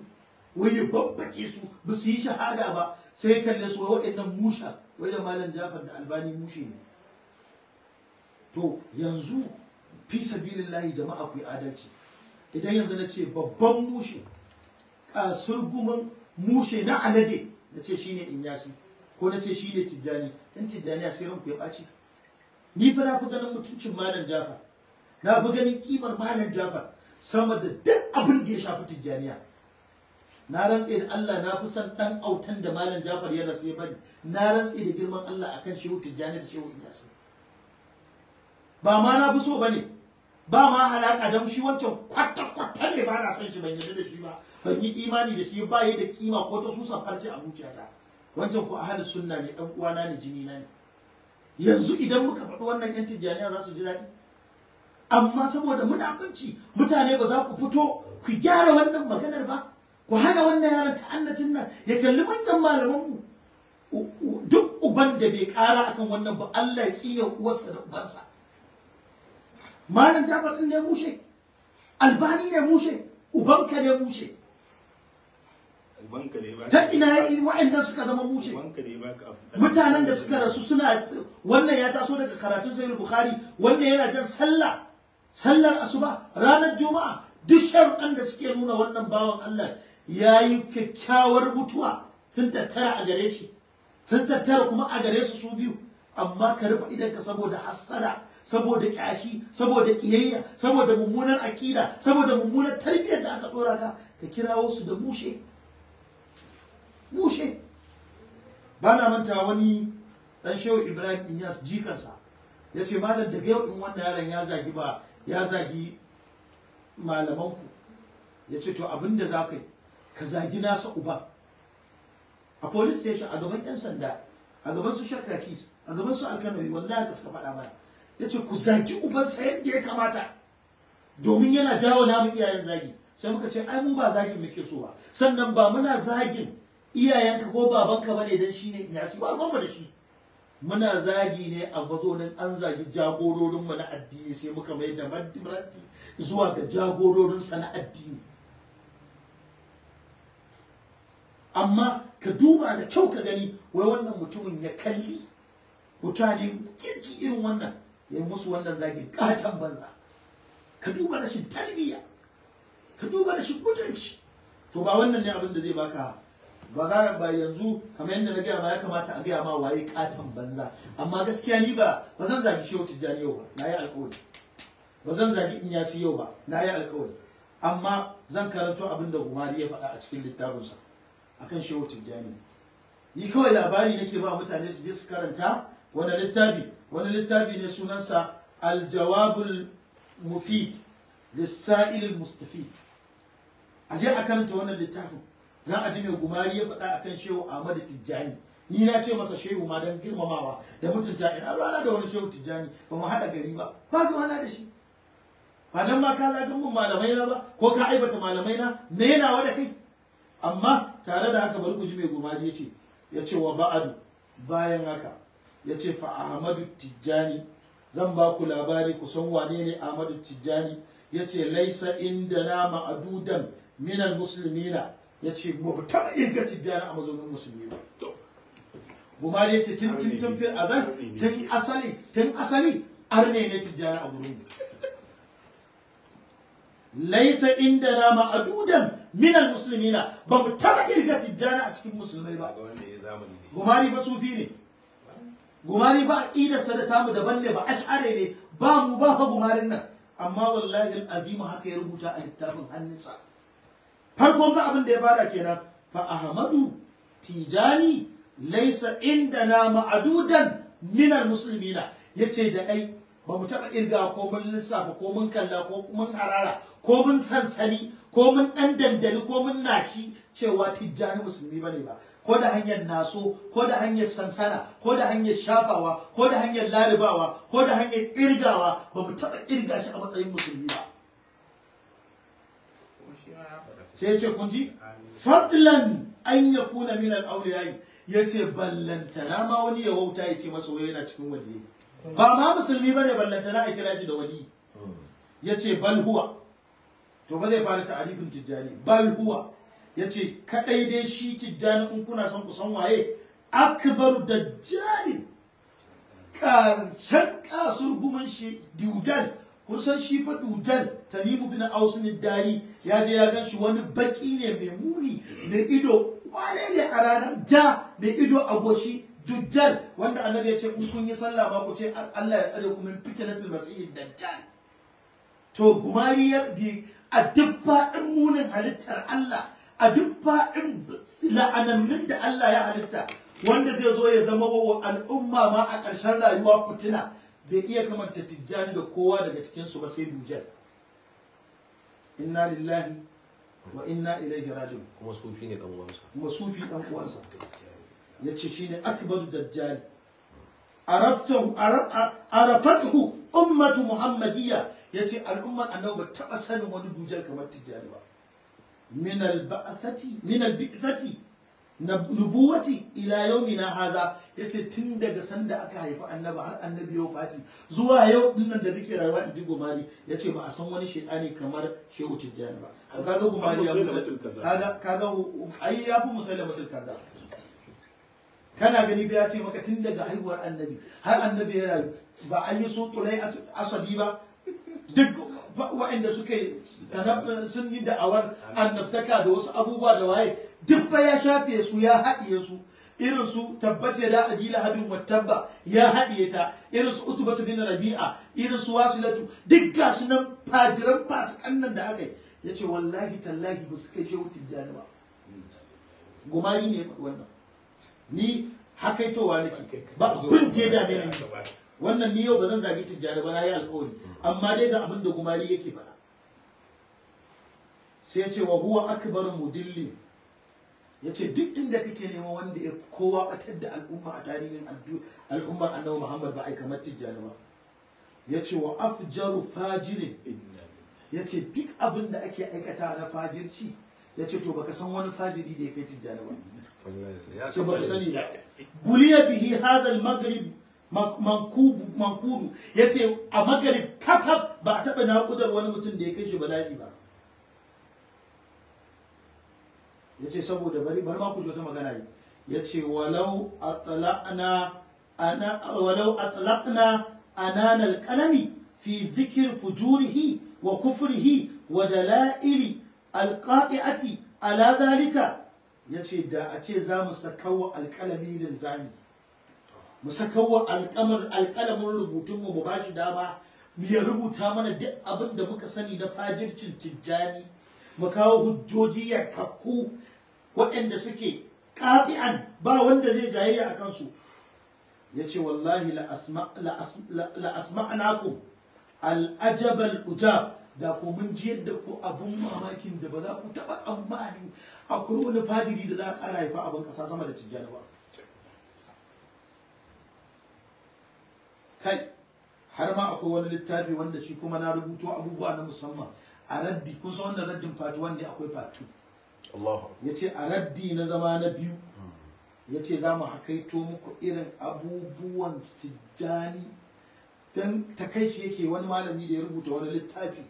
wai ya babbake su ba su yi shahada ba sai kalle su waɗannan musha wai da malam Jafar da Albani mushe ne to yanzu fi sabilillahi jama'a ku adalci idan yanzu na ce babban mushe a surguman mushe na alade na ce shine inyasi ko na ce shine tijjani in tijjani a sirrin ku ya ɓaci ni fa na fi ganin mutuncin malam jafa na fi ganin kimar malam jafa sama da duk abin da ya shafi tijjaniya na rantse da Allah na fi son dan autan da malam Jafar ya rasu ya bari na rantse da girman Allah akan shehu tijjani da shehu inyasi ba ma na fi so ba ne ba ma halaka dan shi wancan kwata-kwata ne ba na son shi ban yarda da shi ba ban yi imani da shi ba da kima ko ta susan farce a zuciyata wancan ko ahli sunna ne dan uwana ne jini na ne yanzu idan muka faɗi wannan yan tijjaniya za su ji daɗi amma saboda munafunci mutane ba za ku fito ku gyara wannan maganar ba ku hana wannan yaran ta'annatin nan ya kalli manyan malamanmu duk uban da bai ƙara akan wannan ba Allah ya tsine uwarsa da ubansa malam jabar din ne mushe albani ne mushe ubanka ne mushe ta ina wa'annan suka zama mushe mutanen da suka rasu suna wannan ya taso daga karatun sayyid bukhari wannan yana jan sallah sallar asuba ranar juma'a duk sharuɗan da suke nuna wannan bawan Allah ya yi kyakkyawar mutuwa sun tattara a gare shi sun tattara kuma a gare su su biyu amma ka rufe idanka saboda hassada saboda kyashi saboda kiyayya saboda mummunan akida saboda mummunan tarbiyyar da aka tsora ka ka kirawo su da mushe mushe ba na manta wani dan shehu ibrahim inyas jikansa ya ce malam daga yau in wanda yaron ya zagi ba ya zagi malamanku ya ce to abinda za ka ka zagi nasa uba a police station a gaban 'yan sanda a gaban su shakakis a gaban su alkanoyi wallahi ka suka faɗa mana ya ce ku zaki ubansa yadda ya kamata domin yana jawo namun iyayen zagi sai muka ce ai mu ba zagi muke so ba sannan ba muna zagin iyayenka ko babanka bane dan shine iyasi ba gomba da shi muna zagi ne a nan an zagi jagororinmu na addini sai muka mai da maradi zuwa ga jagororinsa na addini amma ka duba da kyau ka gani wai wannan mutumin ya kalli mutane kirki irin wannan ya musu wannan zagin katon banza ka duba rashin tarbiyya ka duba rashin mutunci to ba wannan ne abin da zai baka ba ga ba yanzu kamar yadda na gaya ma ya kamata a gaya ma waye katan banza amma gaskiya ni ba ba zan zagi shehu tijjani yau ba na yi alkawari ba zan zagi in yasi yau ba na yi alkawari amma zan karanto abin da gumari ya faɗa a cikin littafinsa akan shehu tijjani ni kawai labari nake ba mutane su je su karanta wani littafi wani littafi ne sunansa aljawabul mufid lissa'il mustafid a je a karanta wannan littafin za a ji mai gumari ya faɗa akan shehu ahmadu tijjani ni na ce masa shehu ma don girmamawa da mutunta ina rana da wani shehu tijjani ba mu haɗa gari ba ba hana da shi ba dan ma ka zagin mun malamai na ba ko ka aibata malamai na me yana wa da kai amma tare da haka bari ku ji mai gumari ya ya ce wa ba'adu bayan haka ya ce fa ahmadu tijjani zan ba ku labari ku san wane ne ahmadu tijjani ya ce laisa inda na ma'adudan minan musulmina ya ce ba ku taɓa inga tijjani a mazaunin musulmi ba gumari ya ce tun tun tun zan, azal tun asali tun asali arne ne tijjani a gurin laisa inda na ma'adudan minan musulmina ba mu taɓa irga tijjani a cikin musulmai ba gumari ba sufi ne gumari ba aqidar sa da tamu daban ne ba ashare ne ba mu ba fa gumarin nan amma wallahi al'azima haka ya rubuta a littafin hannunsa farkon ga abin da ya fara kenan fa ahmadu tijani laysa indana ma'adudan minal muslimina yace da ai ba mu taɓa irga ko mun lissafa ko mun kalla ko mun harara ko mun sansani ko mun ɗan dandali ko mun nashi cewa tijjani musulmi bane ba ko da hanyar naso ko da hanyar sansana ko da hanyar shafawa ko da hanyar laribawa ko da hanyar irgawa, ba mu taɓa kirga shi a matsayin musulmi ba sai ce kun ji fadlan an ya kuna minan auliyai ya ce ballantana ma wani ya wauta ya ce masa yana cikin waliyi ba ma musulmi ne ballantana a kira shi da wani. Hmm. ya ce bal huwa to ba zai fara ta'arifin tijjani bal huwa Ya ce, kaɗai dai shi tijjani in kuna son ku san waye akbar dajjal karshen kasurguman shi dujal kun san shi fa dujal tanimu bin ausun dari ya je ya ganshi wani baki ne mai muni mai ido kwane ne a ranar ja mai ido a goshi dujjal wanda annabi ya ce in kun yi sallah ba ku ce Allah ya tsare ku min fitnatul masih dajjal to gumariyar bi a duk faɗin munin halittar Allah a duk faɗin la'anannin da Allah ya halitta wanda zai zo ya zama wa al'umma ma a ƙarshen rayuwa fitina bai iya kamanta tijjani da kowa daga cikinsu ba sai dujal inna lillahi wa inna ilaihi rajiun kuma sufi ne dan uwansa kuma sufi dan uwansa yace shine akbaru dajjal araftahu arafathu ummatu muhammadiyya yace al'ummar annabi ba taba sanin wani dujal kamar tijjani ba min al-ba'sati min al-bi'sati nubuwati ila yaumina haza yace tun daga sanda aka haifi annabi har annabi ya fati zuwa yau dinnan da muke rayuwa in ji gumari yace ba a san wani shedani kamar shehu tijjani ba kaga gumari ya kaga kaga ai ya fi musailamatul kaza kana gani ba ya ce maka tun daga haihuwar annabi har annabi ya rayu ba an yi su tulai asadi ba duk wa'inda suke sun yi da'awar annabtaka da wasu abubuwa da waye duk fa ya shafe su ya haɗiye su Irinsu su tabbat ya da ya haɗiye ta irin su utubatu bin rabi'a irin su wasilatu duk ga su nan fajiran fasikan nan da aka yi ya ce wallahi tallahi ba su kai shehu jani ba gumari ne wannan ni hakaitowa ne ba kun ke da ne wannan ni yau ba zan zabi tijjani ba na yi alƙawari amma dai ga abin da gumari yake faɗa sai ya ce wa huwa akbar mudilli ya ce duk inda kake nema wanda ya kowa batar da al'umma a tarihin al'ummar annabi muhammad ba ai kamar tijjani ba ya ce wa afjaru fajirin ya ce duk abin da ake aikata na fajirci ya ce to baka san wani fajiri da ya kai tijjani ba ya ce baka sani ba guliya bihi hazal maghrib Mankudu mankuru ya ce a magarib kakaf ba a taɓa naƙudar wani mutum da ya kai shi bala'i ba ya ce saboda bari bari ma ku wata magana yi ya ce walau a ana ananal fi dhikr fujurihi wa kufurihi wa dala'iri alqati'ati ala dhalika ya ce da a ce za mu sakawa alƙalami linzami mu sakawa alƙamar alƙalamin rubutunmu mu ba shi dama ya rubuta mana duk abin da muka sani na fajircin tijjani mu kawo hujjoji ya kakku waɗanda suke ƙafi'an ba wanda zai jayayya a kansu ya ce wallahi la'asma'anakum al'ajabal ujab da ku mun ji yadda ku abun mamakin da ba za ku taɓa tsammani akwai wani fadiri da za a ƙara haifa abin ƙasa sama da tijjani ba kai har ma akwai wani littafi wanda shi kuma na rubuto abubuwa na musamman a raddi kun san wannan raddin part 1 akwai part 2 ya ce a raddi na zama na biyu ya ce za mu hakaito muku irin abubuwan tijjani don shi yake wani malami da ya rubuta wani littafi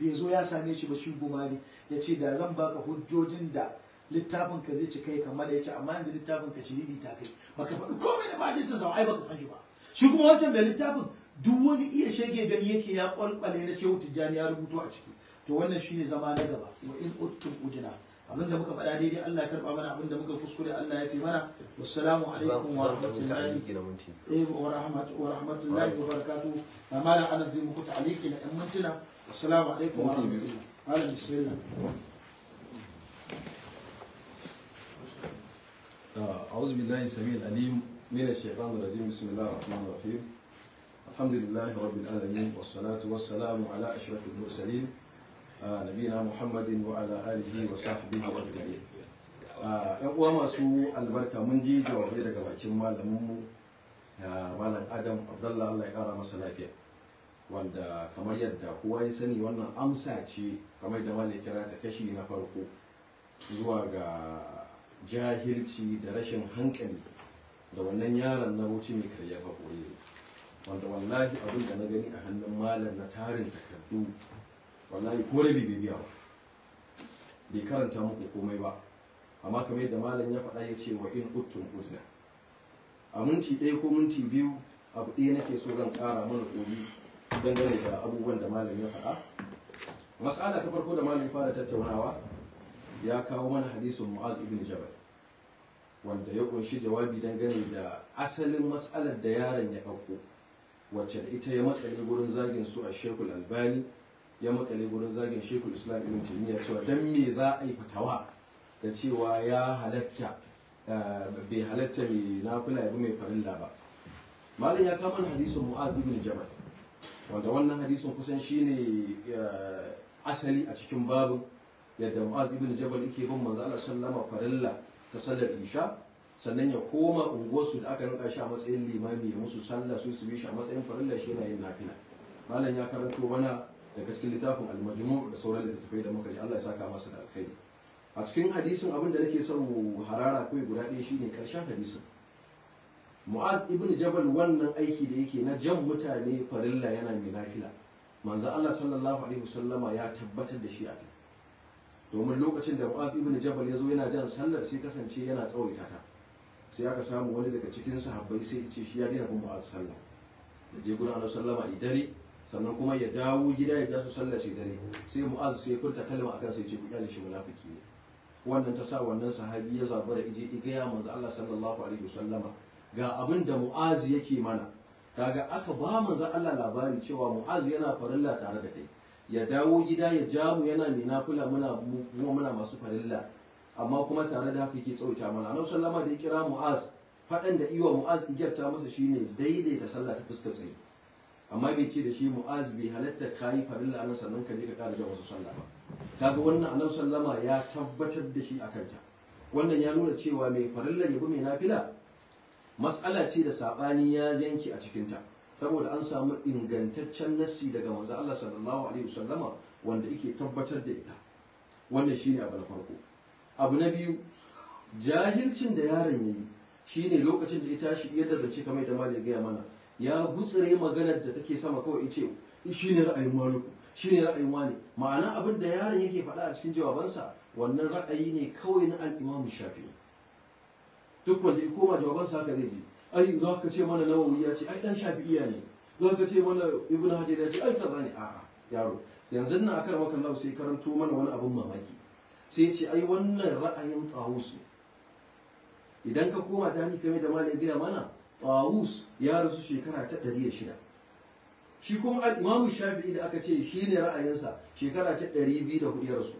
bai zo ya same shi ba shi ne ya ce da zan baka hujjojin da littafin ka zai ci kai kamar ya ce amma yanzu littafin ka shiriri ta kai baka faɗi komai da ba jinsin sa ai baka san shi ba shi kuma wancan mai littafin duk wani iya shege gani yake ya kwalkwale na shehu tijjani ya rubuto a ciki to wannan shine zama na gaba wa in uttum udina abinda muka faɗa daidai Allah ya karba mana abinda muka kuskure Allah ya fi mana wassalamu alaikum wa rahmatullahi eh, wa rahmatu wa rahmatullahi wa barakatuh na malam Anas zai muku ta'aliki na ɗan mintuna wassalamu alaikum wa rahmatullahi malam bismillah أعوذ بالله السميع العليم من الشيطان الرجيم بسم الله الرحمن الرحيم الحمد لله رب العالمين والصلاة والسلام على أشرف المرسلين نبينا محمد وعلى آله وصحبه أجمعين yan uwa masu albarka mun ji jawabai daga bakin malaminmu malam adam abdallah allah ya kara masa wanda kamar yadda kowa ya sani wannan amsa ce kamar da malam kira ta kashi na farko zuwa ga jahilci da rashin hankali da wannan yaron na wuce mai karya haƙuri wanda wallahi abin da na gani a hannun malam na tarin takardu wallahi ko bai biya ba bai karanta muku komai ba amma kamar yadda malam ya faɗa ya ce wa in uttun udna a minti ɗaya ko minti biyu abu ɗaya nake so zan ƙara mana kogi dangane da abubuwan da malam ya faɗa mas'ala ta farko da malam fara tattaunawa ya kawo mana hadisin mu'az ibn jabal wanda ya kunshi jawabi dangane da asalin matsalar da yaron ya ɗauko wacce da ita ya matsale gurin zagin su a shekul albani ya makale gurin zagin shekul islam ibn taimiyya cewa dan me za a yi fatawa da cewa ya halatta eh, bai halatta mai nafila ya bi mai farilla ba malam ya kama hadisin mu'adh ibn jabal wanda wannan hadisin kusan shine eh, asali a cikin babin yadda mu'adh ibn jabal yake bin manzo Allah sallama farilla ta sallar isha sannan ya koma unguwarsu da aka nuka shi a matsayin limami ya musu sallah su su bi shi a matsayin farilla shi yana yin nafila malam ya karanto wana daga cikin littafin almajmu da sauran littattafai da muka ji Allah ya saka masa da alkhairi a cikin hadisin abin da nake son mu harara kai guda ɗaya shi ne karshen hadisin mu'ad ibn jabal wannan aiki da yake na jan mutane farilla yana mai nafila manzo Allah sallallahu alaihi wasallama ya tabbatar da shi a domin lokacin da mu'az ibn jabal ya zo yana jan sallar sai kasance yana tsawaita ta sai aka samu wani daga cikin sahabbai sai ce shi ya dina bin mu'az sallah da je gurin annabi sallama a dare sannan kuma ya dawo gida ya ja sallar sai dare sai mu'az sai furta kalma akan sai ce ku kyale shi munafiki ne wannan ta sa wannan sahabi ya zaba da ije igaya manzo Allah sallallahu alaihi wasallama ga abin da mu'az yake mana kaga aka ba manzo Allah labari cewa mu'az yana farilla tare da kai ya dawo gida ya ja mu yana mai nafila muna kuma muna masu farilla amma kuma tare da haka yake tsawaita mana annabi sallama da ya kira mu'az faɗan da iwa mu'az igyarta masa shine da sallah ta fuskar sai amma bai ce da shi mu'az bai halatta kayi farilla na sannan ka je ka ƙara jan wasu sallah ba kaga wannan annabi sallama ya tabbatar da shi akan ta wannan ya nuna cewa mai farilla ya bi mai nafila mas'ala ce da sabani ya zanki a cikin ta saboda an samu ingantaccen nasi daga manzo Allah sallallahu alaihi wasallama wanda yake tabbatar da ita wannan shine abu na farko abu na biyu jahilcin da yaron yayi shine lokacin da ya tashi ya zance kamar da mali gaya mana ya gutsire maganar da take sama kawai ce shine ra'ayin Shi shine ra'ayin wani ma'ana abin da yaron yake faɗa a cikin jawabansa wannan ra'ayi ne kawai na al-Imam Shafi'i duk wanda ya koma jawabansa haka zai ji ai za ka ce mana nawawi ya ce ai dan shafi'iya ne za ka ce mana ibnu hajar ya ce ai kaza ne a'a yaro yanzu nan akan wakan lau sai karanto mana wani abun mamaki sai ce ai wannan ra'ayin tawus ne idan ka koma ta kame da malai gaya mana tawus ya rasu shekara ta shida. shi kuma imamu shafi'i da aka ce shi ne ra'ayinsa shekara ta da 204 ya rasu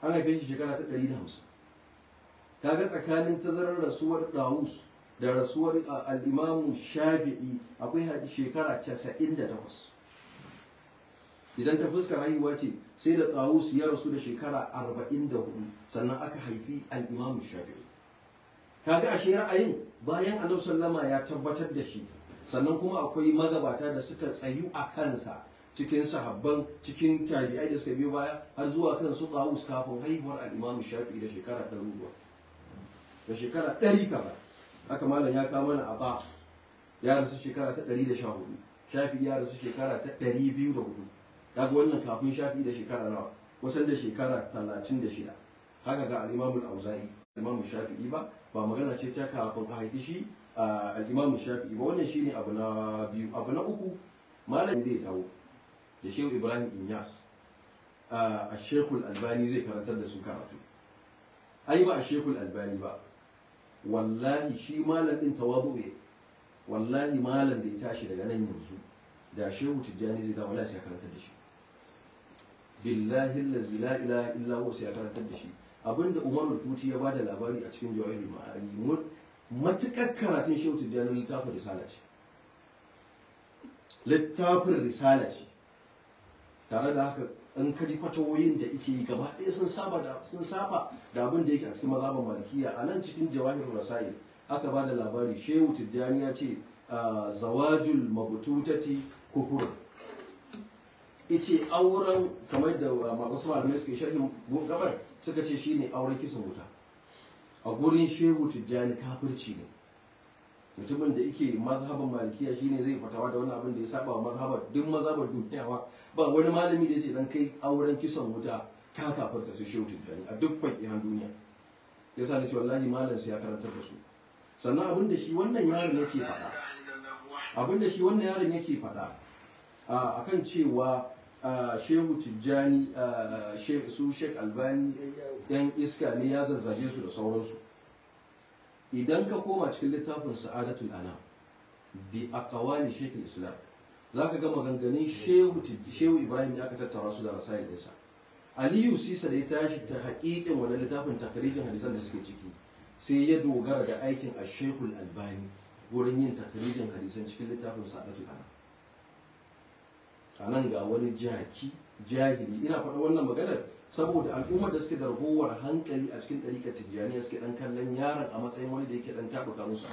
an haife shi shekara ta 150 kaga tsakanin tazarar rasuwar tawus da rasuwar al'imamu shafi'i akwai haɗi shekara 98 idan ta fuskar haihuwa ce sai da tsawus ya rasu da shekara 44 sannan aka haifi al'imamu shafi'i kaga ashe ra'ayin bayan annabi sallama ya tabbatar da shi sannan kuma akwai magabata da suka tsayu a kansa cikin sahabban cikin tabi'ai da suka biyo baya har zuwa kan su tsawus kafin haihuwar al'imamu shafi'i da shekara 100 da shekara 100 kaza haka malam ya kawo mana aba ya rasu shekara ta 114 shafi ya rasu shekara ta 204 kaga wannan kafin shafi da shekara nawa kusan da shekara 36 haka ga al al auza'i imam shafi'i ba ba magana ce ta kafin a haifi shi al imam shafi'i ba wannan shine abu na biyu abu na uku malam zai dawo da shehu ibrahim inyas a shekul albani zai karantar da su karatu ai ba a shekul albani ba wallahi shi malam din tawazu wallahi malam da ya tashi daga nan yanzu da shehu tijjani zai da wallahi sai karanta da shi billahi allazi la ilaha illa huwa sai karantar da shi abinda umaru tuti ya bada labari a cikin jawahirul ma'ani mun matukar karatun shehu tijjani littafin risala ce littafin risala ce tare da haka in ka ji fatawoyin da ike yi gaba ɗaya sun saba da sun saba da abin da yake a cikin mazhaban malikiya a nan cikin jawahirul rasail aka ba da labari shehu tijjani ya ce zawajul mabututati kufur ice auren kamar da uh, masu malamai suke sharhin gabar suka ce shine auren kisan wuta a gurin shehu tijjani kafirci ne mutumin da yake mazhaban malikiya shine zai fatawa da wani abin da ya saba wa mazhabar duk mazhabar duniya ba wani malami da yace dan kai auren kisan wuta ka kafarta sai shehu tijjani a duk fakihan duniya sa nace wallahi malam sai ya karantar da su sannan abin da shi wannan yaron yake faɗa abin da shi wannan yaron yake faɗa akan cewa shehu tijjani su shek albani yan iska ne ya zazzaje su da sauransu idan ka koma cikin littafin sa'adatul ana bi aqwali shekul islam za ka ga maganganun shehu ibrahim ya ka tattara su da rasayin ɗinsa aliyu sisa da ya tashi ta haƙiƙin wani littafin takarijin hadisan da suke ciki sai ya dogara da aikin a shehu albani wurin yin takarijin hadisan cikin littafin sa'adatu ana a nan ga wani jaki jahili ina faɗa wannan maganar saboda al'ummar da suke da rahowar hankali a cikin ɗariƙar tijjaniya suke ɗan kallon yaron a matsayin wani da yake ɗan taɓuka musu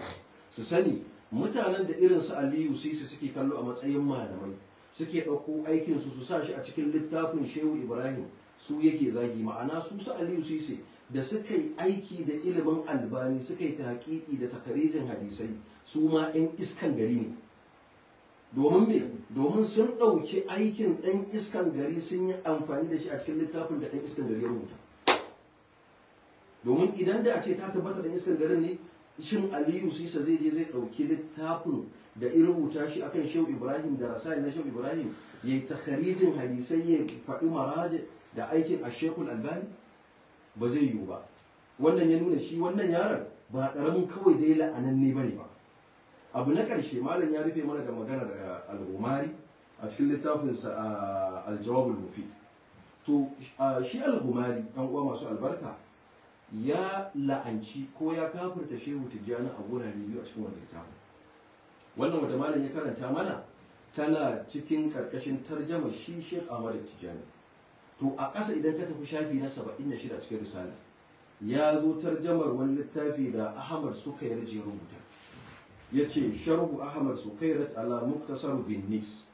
su sani mutanen da irin su aliyu sisi suke kallo a matsayin malamai suke ɗauko aikin su su sa shi a cikin littafin shehu ibrahim su yake zagi ma'ana su su aliyu sisi da suka yi aiki da ilimin albani suka yi ta haƙiƙi da takarijin hadisai su ma ɗan iskan gari ne domin me domin sun ɗauki aikin ɗan iskan gari sun yi amfani da shi a cikin littafin da ɗan iskan gari ya rubuta domin idan da a ce ta tabbata ɗan iskan garin ne shin aliyu sisa zai je zai ɗauki littafin da ya rubuta shi akan shehu ibrahim da rasayil na shehu ibrahim ya yi takharijin hadisai ya faɗi maraji da aikin a shekul albani ba zai yiwu ba wannan ya nuna shi wannan yaron ba ƙaramin kawai dai la'ananne ba ne ba abu na ƙarshe malam ya rufe mana da maganar eh, al'umari a cikin littafinsa a ah, aljawabul mufi to ah, shi al'umari ɗan uwa masu albarka ya la'anci ko ya kafirta shehu tijjani a wurare biyu a cikin wannan littafin wannan wata malam ya karanta mana tana cikin karkashin tarjama shi shek ahmad tijjani to a ƙasa idan ka tafi shafi na saba'in da shida cikin risala ya zo tarjamar wani littafi da ahmad suka yarje rubuta ya ce sharhu ahmad suka yarje ala muktasar bin nis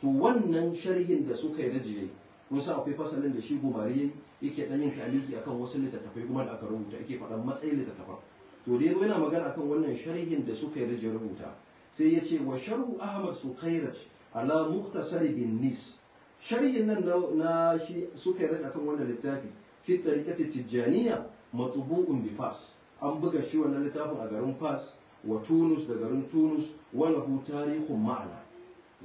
to wannan sharhin da suka yarje kun san akwai fasalin da shi gumari yi. yake dan yin taliki akan wasu littattafai kuma da aka rubuta yake faɗan matsayin littattafan to da yazo yana magana akan wannan sharhin da suka yi da rubuta sai ya ce wa sharhu ahmad sukairat ala mukhtasari bin nis sharhin nan na shi suka yi akan wannan littafi fi tariqati tijaniya matbu'un bi fas an buga shi wannan littafin a garin fas wa tunus da garin tunus wala hu tarihun ma'ana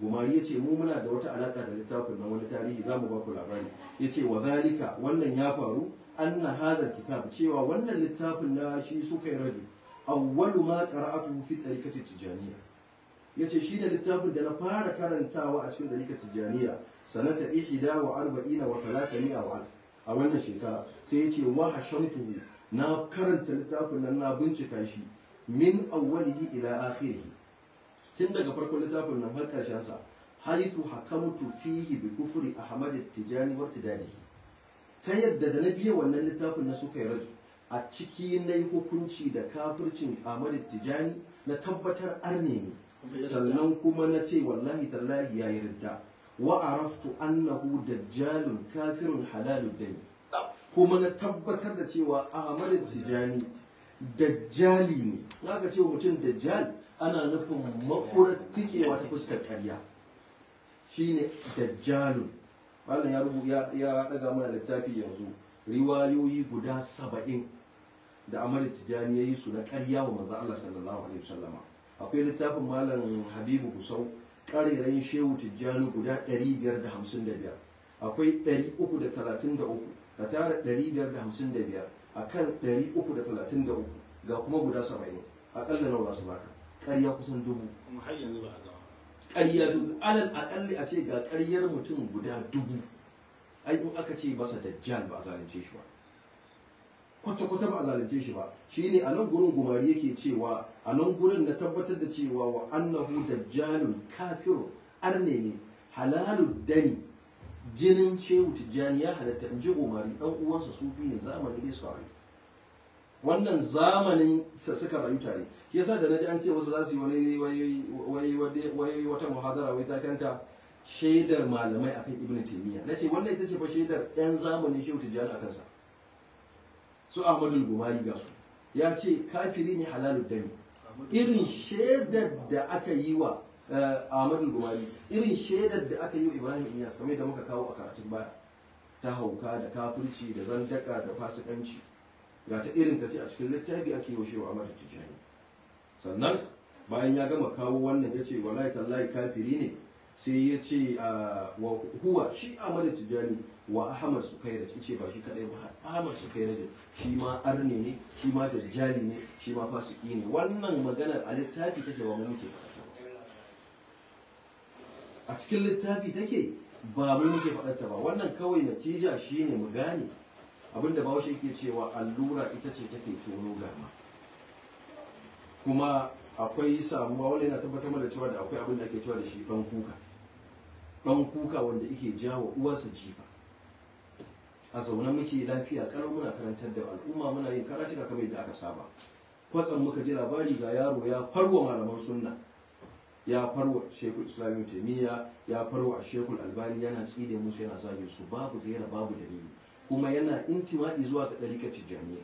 gumari ya ce mu muna da wata alaka da littafin na wani tarihi za mu baku labari ya ce wa zalika wannan ya faru na hadar kitab cewa wannan littafin na shi suka yi raju awwalu ma qara'atu fi tariqati tijaniya ce shi ne littafin da na fara karantawa a cikin tariqati tijaniya sanata 41 wa arba'ina wa a wannan shekara sai yace wa hashamtu na karanta littafin nan na bincika shi min awwalihi ila akhirih tun daga farkon littafin nan har ƙarshen sa haisu hakamtu fihi bi kufri ahmad tijani wa tidanihi ta yadda da na biya wannan littafin na suka yi raju a ciki na yi hukunci da kafircin ahmad tijani na tabbatar arne ne sannan kuma na ce wallahi tallahi ya yi ridda wa araftu annahu dajjalun kafirun halalud dani kuma na tabbatar da cewa ahmad tijani dajjali ne na ce cewa mutum dajjal ana nufin makurar tikewa ta fuskar Shi shine dajjalun malam ya rubu ya daga mana littafi yanzu riwayoyi guda saba'in da amara tijani ya yi su na karya wa manzo Allah sallallahu alaihi wasallama akwai littafin malam habibu Kusau ƙarerayin shehu tijjani guda 555 akwai 333 da tara 555 akan 333 ga kuma guda 70 akalla nawa su baka ƙarya kusan dubu kuma a gama ƙarya dubu alal aƙalli a ce ga ƙaryar mutum guda dubu ai in aka ce basa da dajjal ba a zalunce shi ba kwata-kwata ba a zalunce shi ba shine a nan gurin gumari yake cewa a nan gurin na tabbatar da cewa wa annahu dajjalun kafirun arne ne halalu dani jinin shehu tijjani ya halatta in ji gumari dan uwansa sufi ne zamani isra'ila wannan zamanin sa suka rayu tare yasa da naji an ce wasu za su yi wani wai wata muhadara wai ta kanta shaidar malamai akan ibnu taymiya nace wannan ita ce fa shaidar yan zamanin shehu tijjani akan sa su ahmadul gumari ga su ya ce kafiri ne halalud dami irin shaidar da aka yi wa eh, ahmadul gumari irin shaidar da aka yi wa ibrahim inyas kamar da muka kawo a karatun baya ta hauka da kafirci da zandaka da fasikanci ga ta irin ta ce a cikin littafi ake yi wa wa amma tijjani sannan bayan ya gama kawo wannan ya ce wallahi tallahi kafiri ne sai ya ce wa huwa shi amada tijjani wa ahmad su ya da ce ba shi kadai ba ahmad su da shi ma arne ne shi ma dajjali ne shi ma fasiki ne wannan maganar a littafi take wa mu muke a cikin littafi take ba mu muke ta ba wannan kawai natija shine mu gane abinda bahaushe ke cewa allura ita ce take tono garma kuma akwai samuwa wanda yana tabbatar mana cewa da akwai abin da ake cewa da shi ɗan kuka ɗan kuka wanda yake jawo uwarsa jifa a zaune muke lafiya karar muna karantar da al'umma muna yin karatuka kamar yadda aka saba kwatsan muka ji labari ga yaro ya farwa malaman sunna ya farwa shekul islamin taimiyya ya farwa shekul albani yana tsire musu yana zage su babu gaira babu dalili kuma yana intima'i zuwa ga ɗarikacin tijjaniya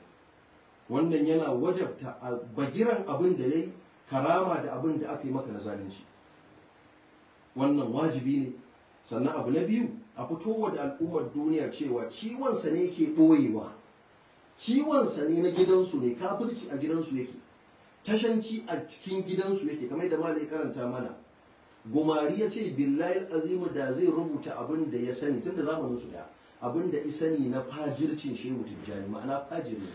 wannan yana wajabta a bagiran abin da ya yi karama da abin da aka yi maka na zalunci wannan wajibi ne sannan abu na biyu a fitowa da al'ummar duniya cewa ciwonsa ne ke ɓoyewa ciwonsa ne na gidansu ne kafirci a gidansu yake tashanci a cikin gidansu yake kamar da malai karanta mana gumari ya ce billahi azimu da zai rubuta abin da ya sani tun da su daya abinda isani na fajircin shehu tijjani ma'ana fajir ne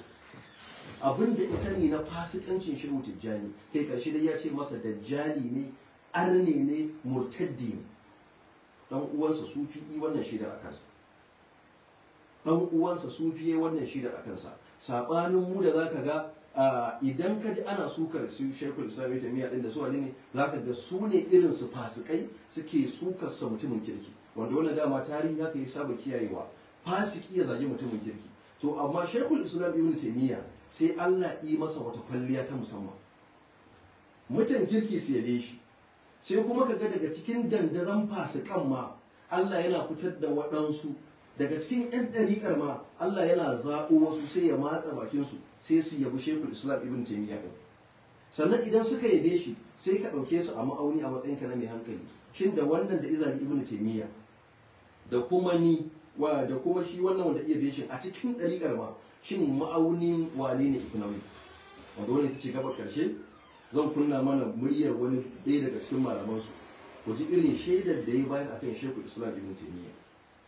abinda isani na fasikancin shehu tijjani kai karshe dai ya ce masa dajjali ne arne ne murtaddi ne dan uwansa sufi wannan shida a kansa dan uwansa sufi wannan shida a kansa sabanin mu da zaka ga idan ka ji ana sukar su shekul islami ta miya din da su wani ne za ka ga su ne irin su fasikai suke sukar sa mutumin kirki wanda wannan dama tarihi haka ya saba kiyayewa fasiki ya zagi mutumin kirki to amma shekul islam ibn taimiyya sai allah yi masa wata kwalliya ta musamman mutan kirki su yabe shi sai kuma ka ga daga cikin dandazon fasikan ma allah yana fitar da waɗansu daga cikin 'yan ɗariƙar ma allah yana zaɓo wasu sai ya matsa bakinsu sai su yabi shekul islam ibn taimiyya ɗin sannan idan suka yabe shi sai ka ɗauke su a ma'auni a matsayinka na mai hankali shin da wannan da izali ibn taimiyya da kuma ni wa da kuma shi wannan wanda iya shi a cikin ɗariƙar ma shin ma'aunin wane ne economic wanda wani ta ce gabar karshe zan kunna mana muryar wani ɗaya daga cikin malamansu ku ji irin shaidar da ya bayar akan shekul islam ibn taimiyya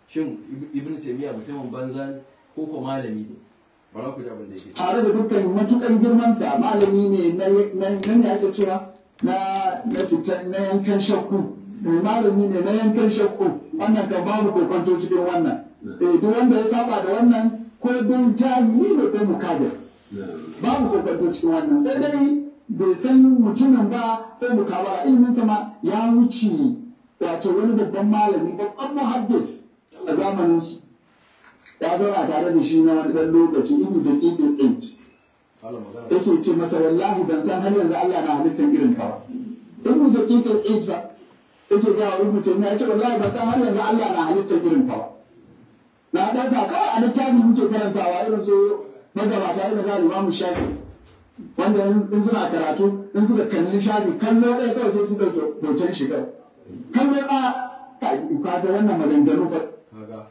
shin ibn taimiyya mutumin banza ko ko malami ne bara ku da abin da yake tare da dukkan matukan girman sa malami ne na ne ake cewa na na fitan na yankan shakku malami ne na yankan shakku wannan kan babu kokonto cikin wannan eh duk wanda ya saba da wannan ko don jahili ne ko ba babu kokonto cikin wannan sai dai bai san mutumin ba ko mukabara ilimin sama ya wuce wato wani babban malami babban muhaddis a zamanin su ya zauna tare da shi na wani dan lokaci ibnu da ibnu ɗinci yake ce masa wallahi ban san har yanzu Allah na halittar irin ka ba ibu da ibnu ɗinci ba yake ga rubuce na ce wallahi ba san har yanzu Allah na halitta irin ta na dauka kawai a littafi muke karantawa irin su magabata irin sa mu Shafi wanda in suna karatu in suka kalli shafi kallo dai kawai sai suka hoton shi kawai kallo ba ka da wannan maganganu ba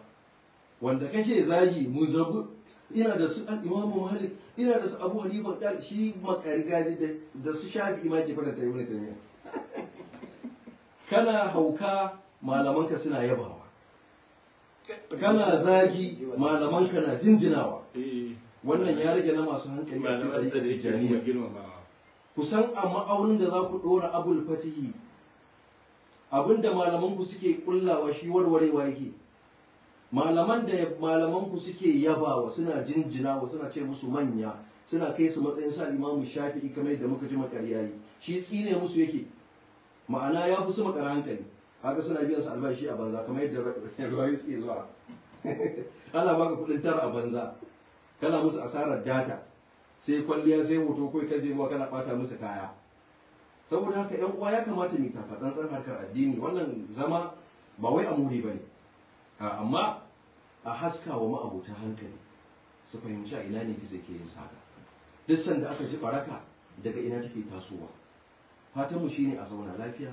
wanda kake zagi mun zargu ina da su al imamu malik ina da su abu hanifa shi makarigaji da su shafi imaki fara ta yi wani taimiyya kana hauka malamanka suna yabawa kana zagi malamanka na jinjinawa eh. wannan ya rage na masu hankali a cikin tijjaniya kusan a ma'aunin da za ku ɗora abul fatihi abinda malamanku suke kullawa shi warwarewa yake malaman da malamanku suke yabawa suna jinjinawa suna ce musu manya suna kai su matsayin sa imamu shafi'i kamar da muka ji makariyayi shi tsine musu yake ma'ana ya fi su makara hankali haka suna biyan su albashi a banza kamar yadda rayu suke zuwa ana baka kudin tara a banza kana musu asarar data sai kwalliya sai hoto kai ka je kana bata musu kaya saboda haka yan uwa ya kamata mu tafa tsantsan harkar addini wannan zama ba wai amuri bane amma a haska wa ma'abota hankali su fahimci a ina ne gizo ke yin saka duk sanda aka ji baraka daga ina take tasowa fatanmu shine a zauna lafiya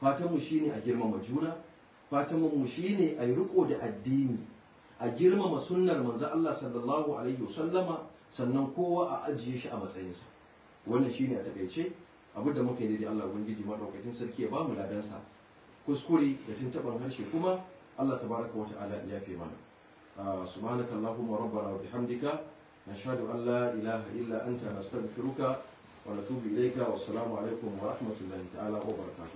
fatanmu shine a girmama juna fatanmu shine a yi riko da addini a girmama sunnar manzo Allah sallallahu alaihi wasallama sannan kowa a ajiye shi a matsayinsa wannan shine a takaice abin da muka yi da Allah ubangiji madaukakin sarki ya bamu ladansa kuskure da tuntuban harshe kuma Allah tabaraka wa ta'ala ya yafe mana ah, subhanakallahumma rabbana wa bihamdika nashhadu an la ilaha illa anta nastaghfiruka ونتوب إليك والسلام عليكم ورحمة الله تعالى وبركاته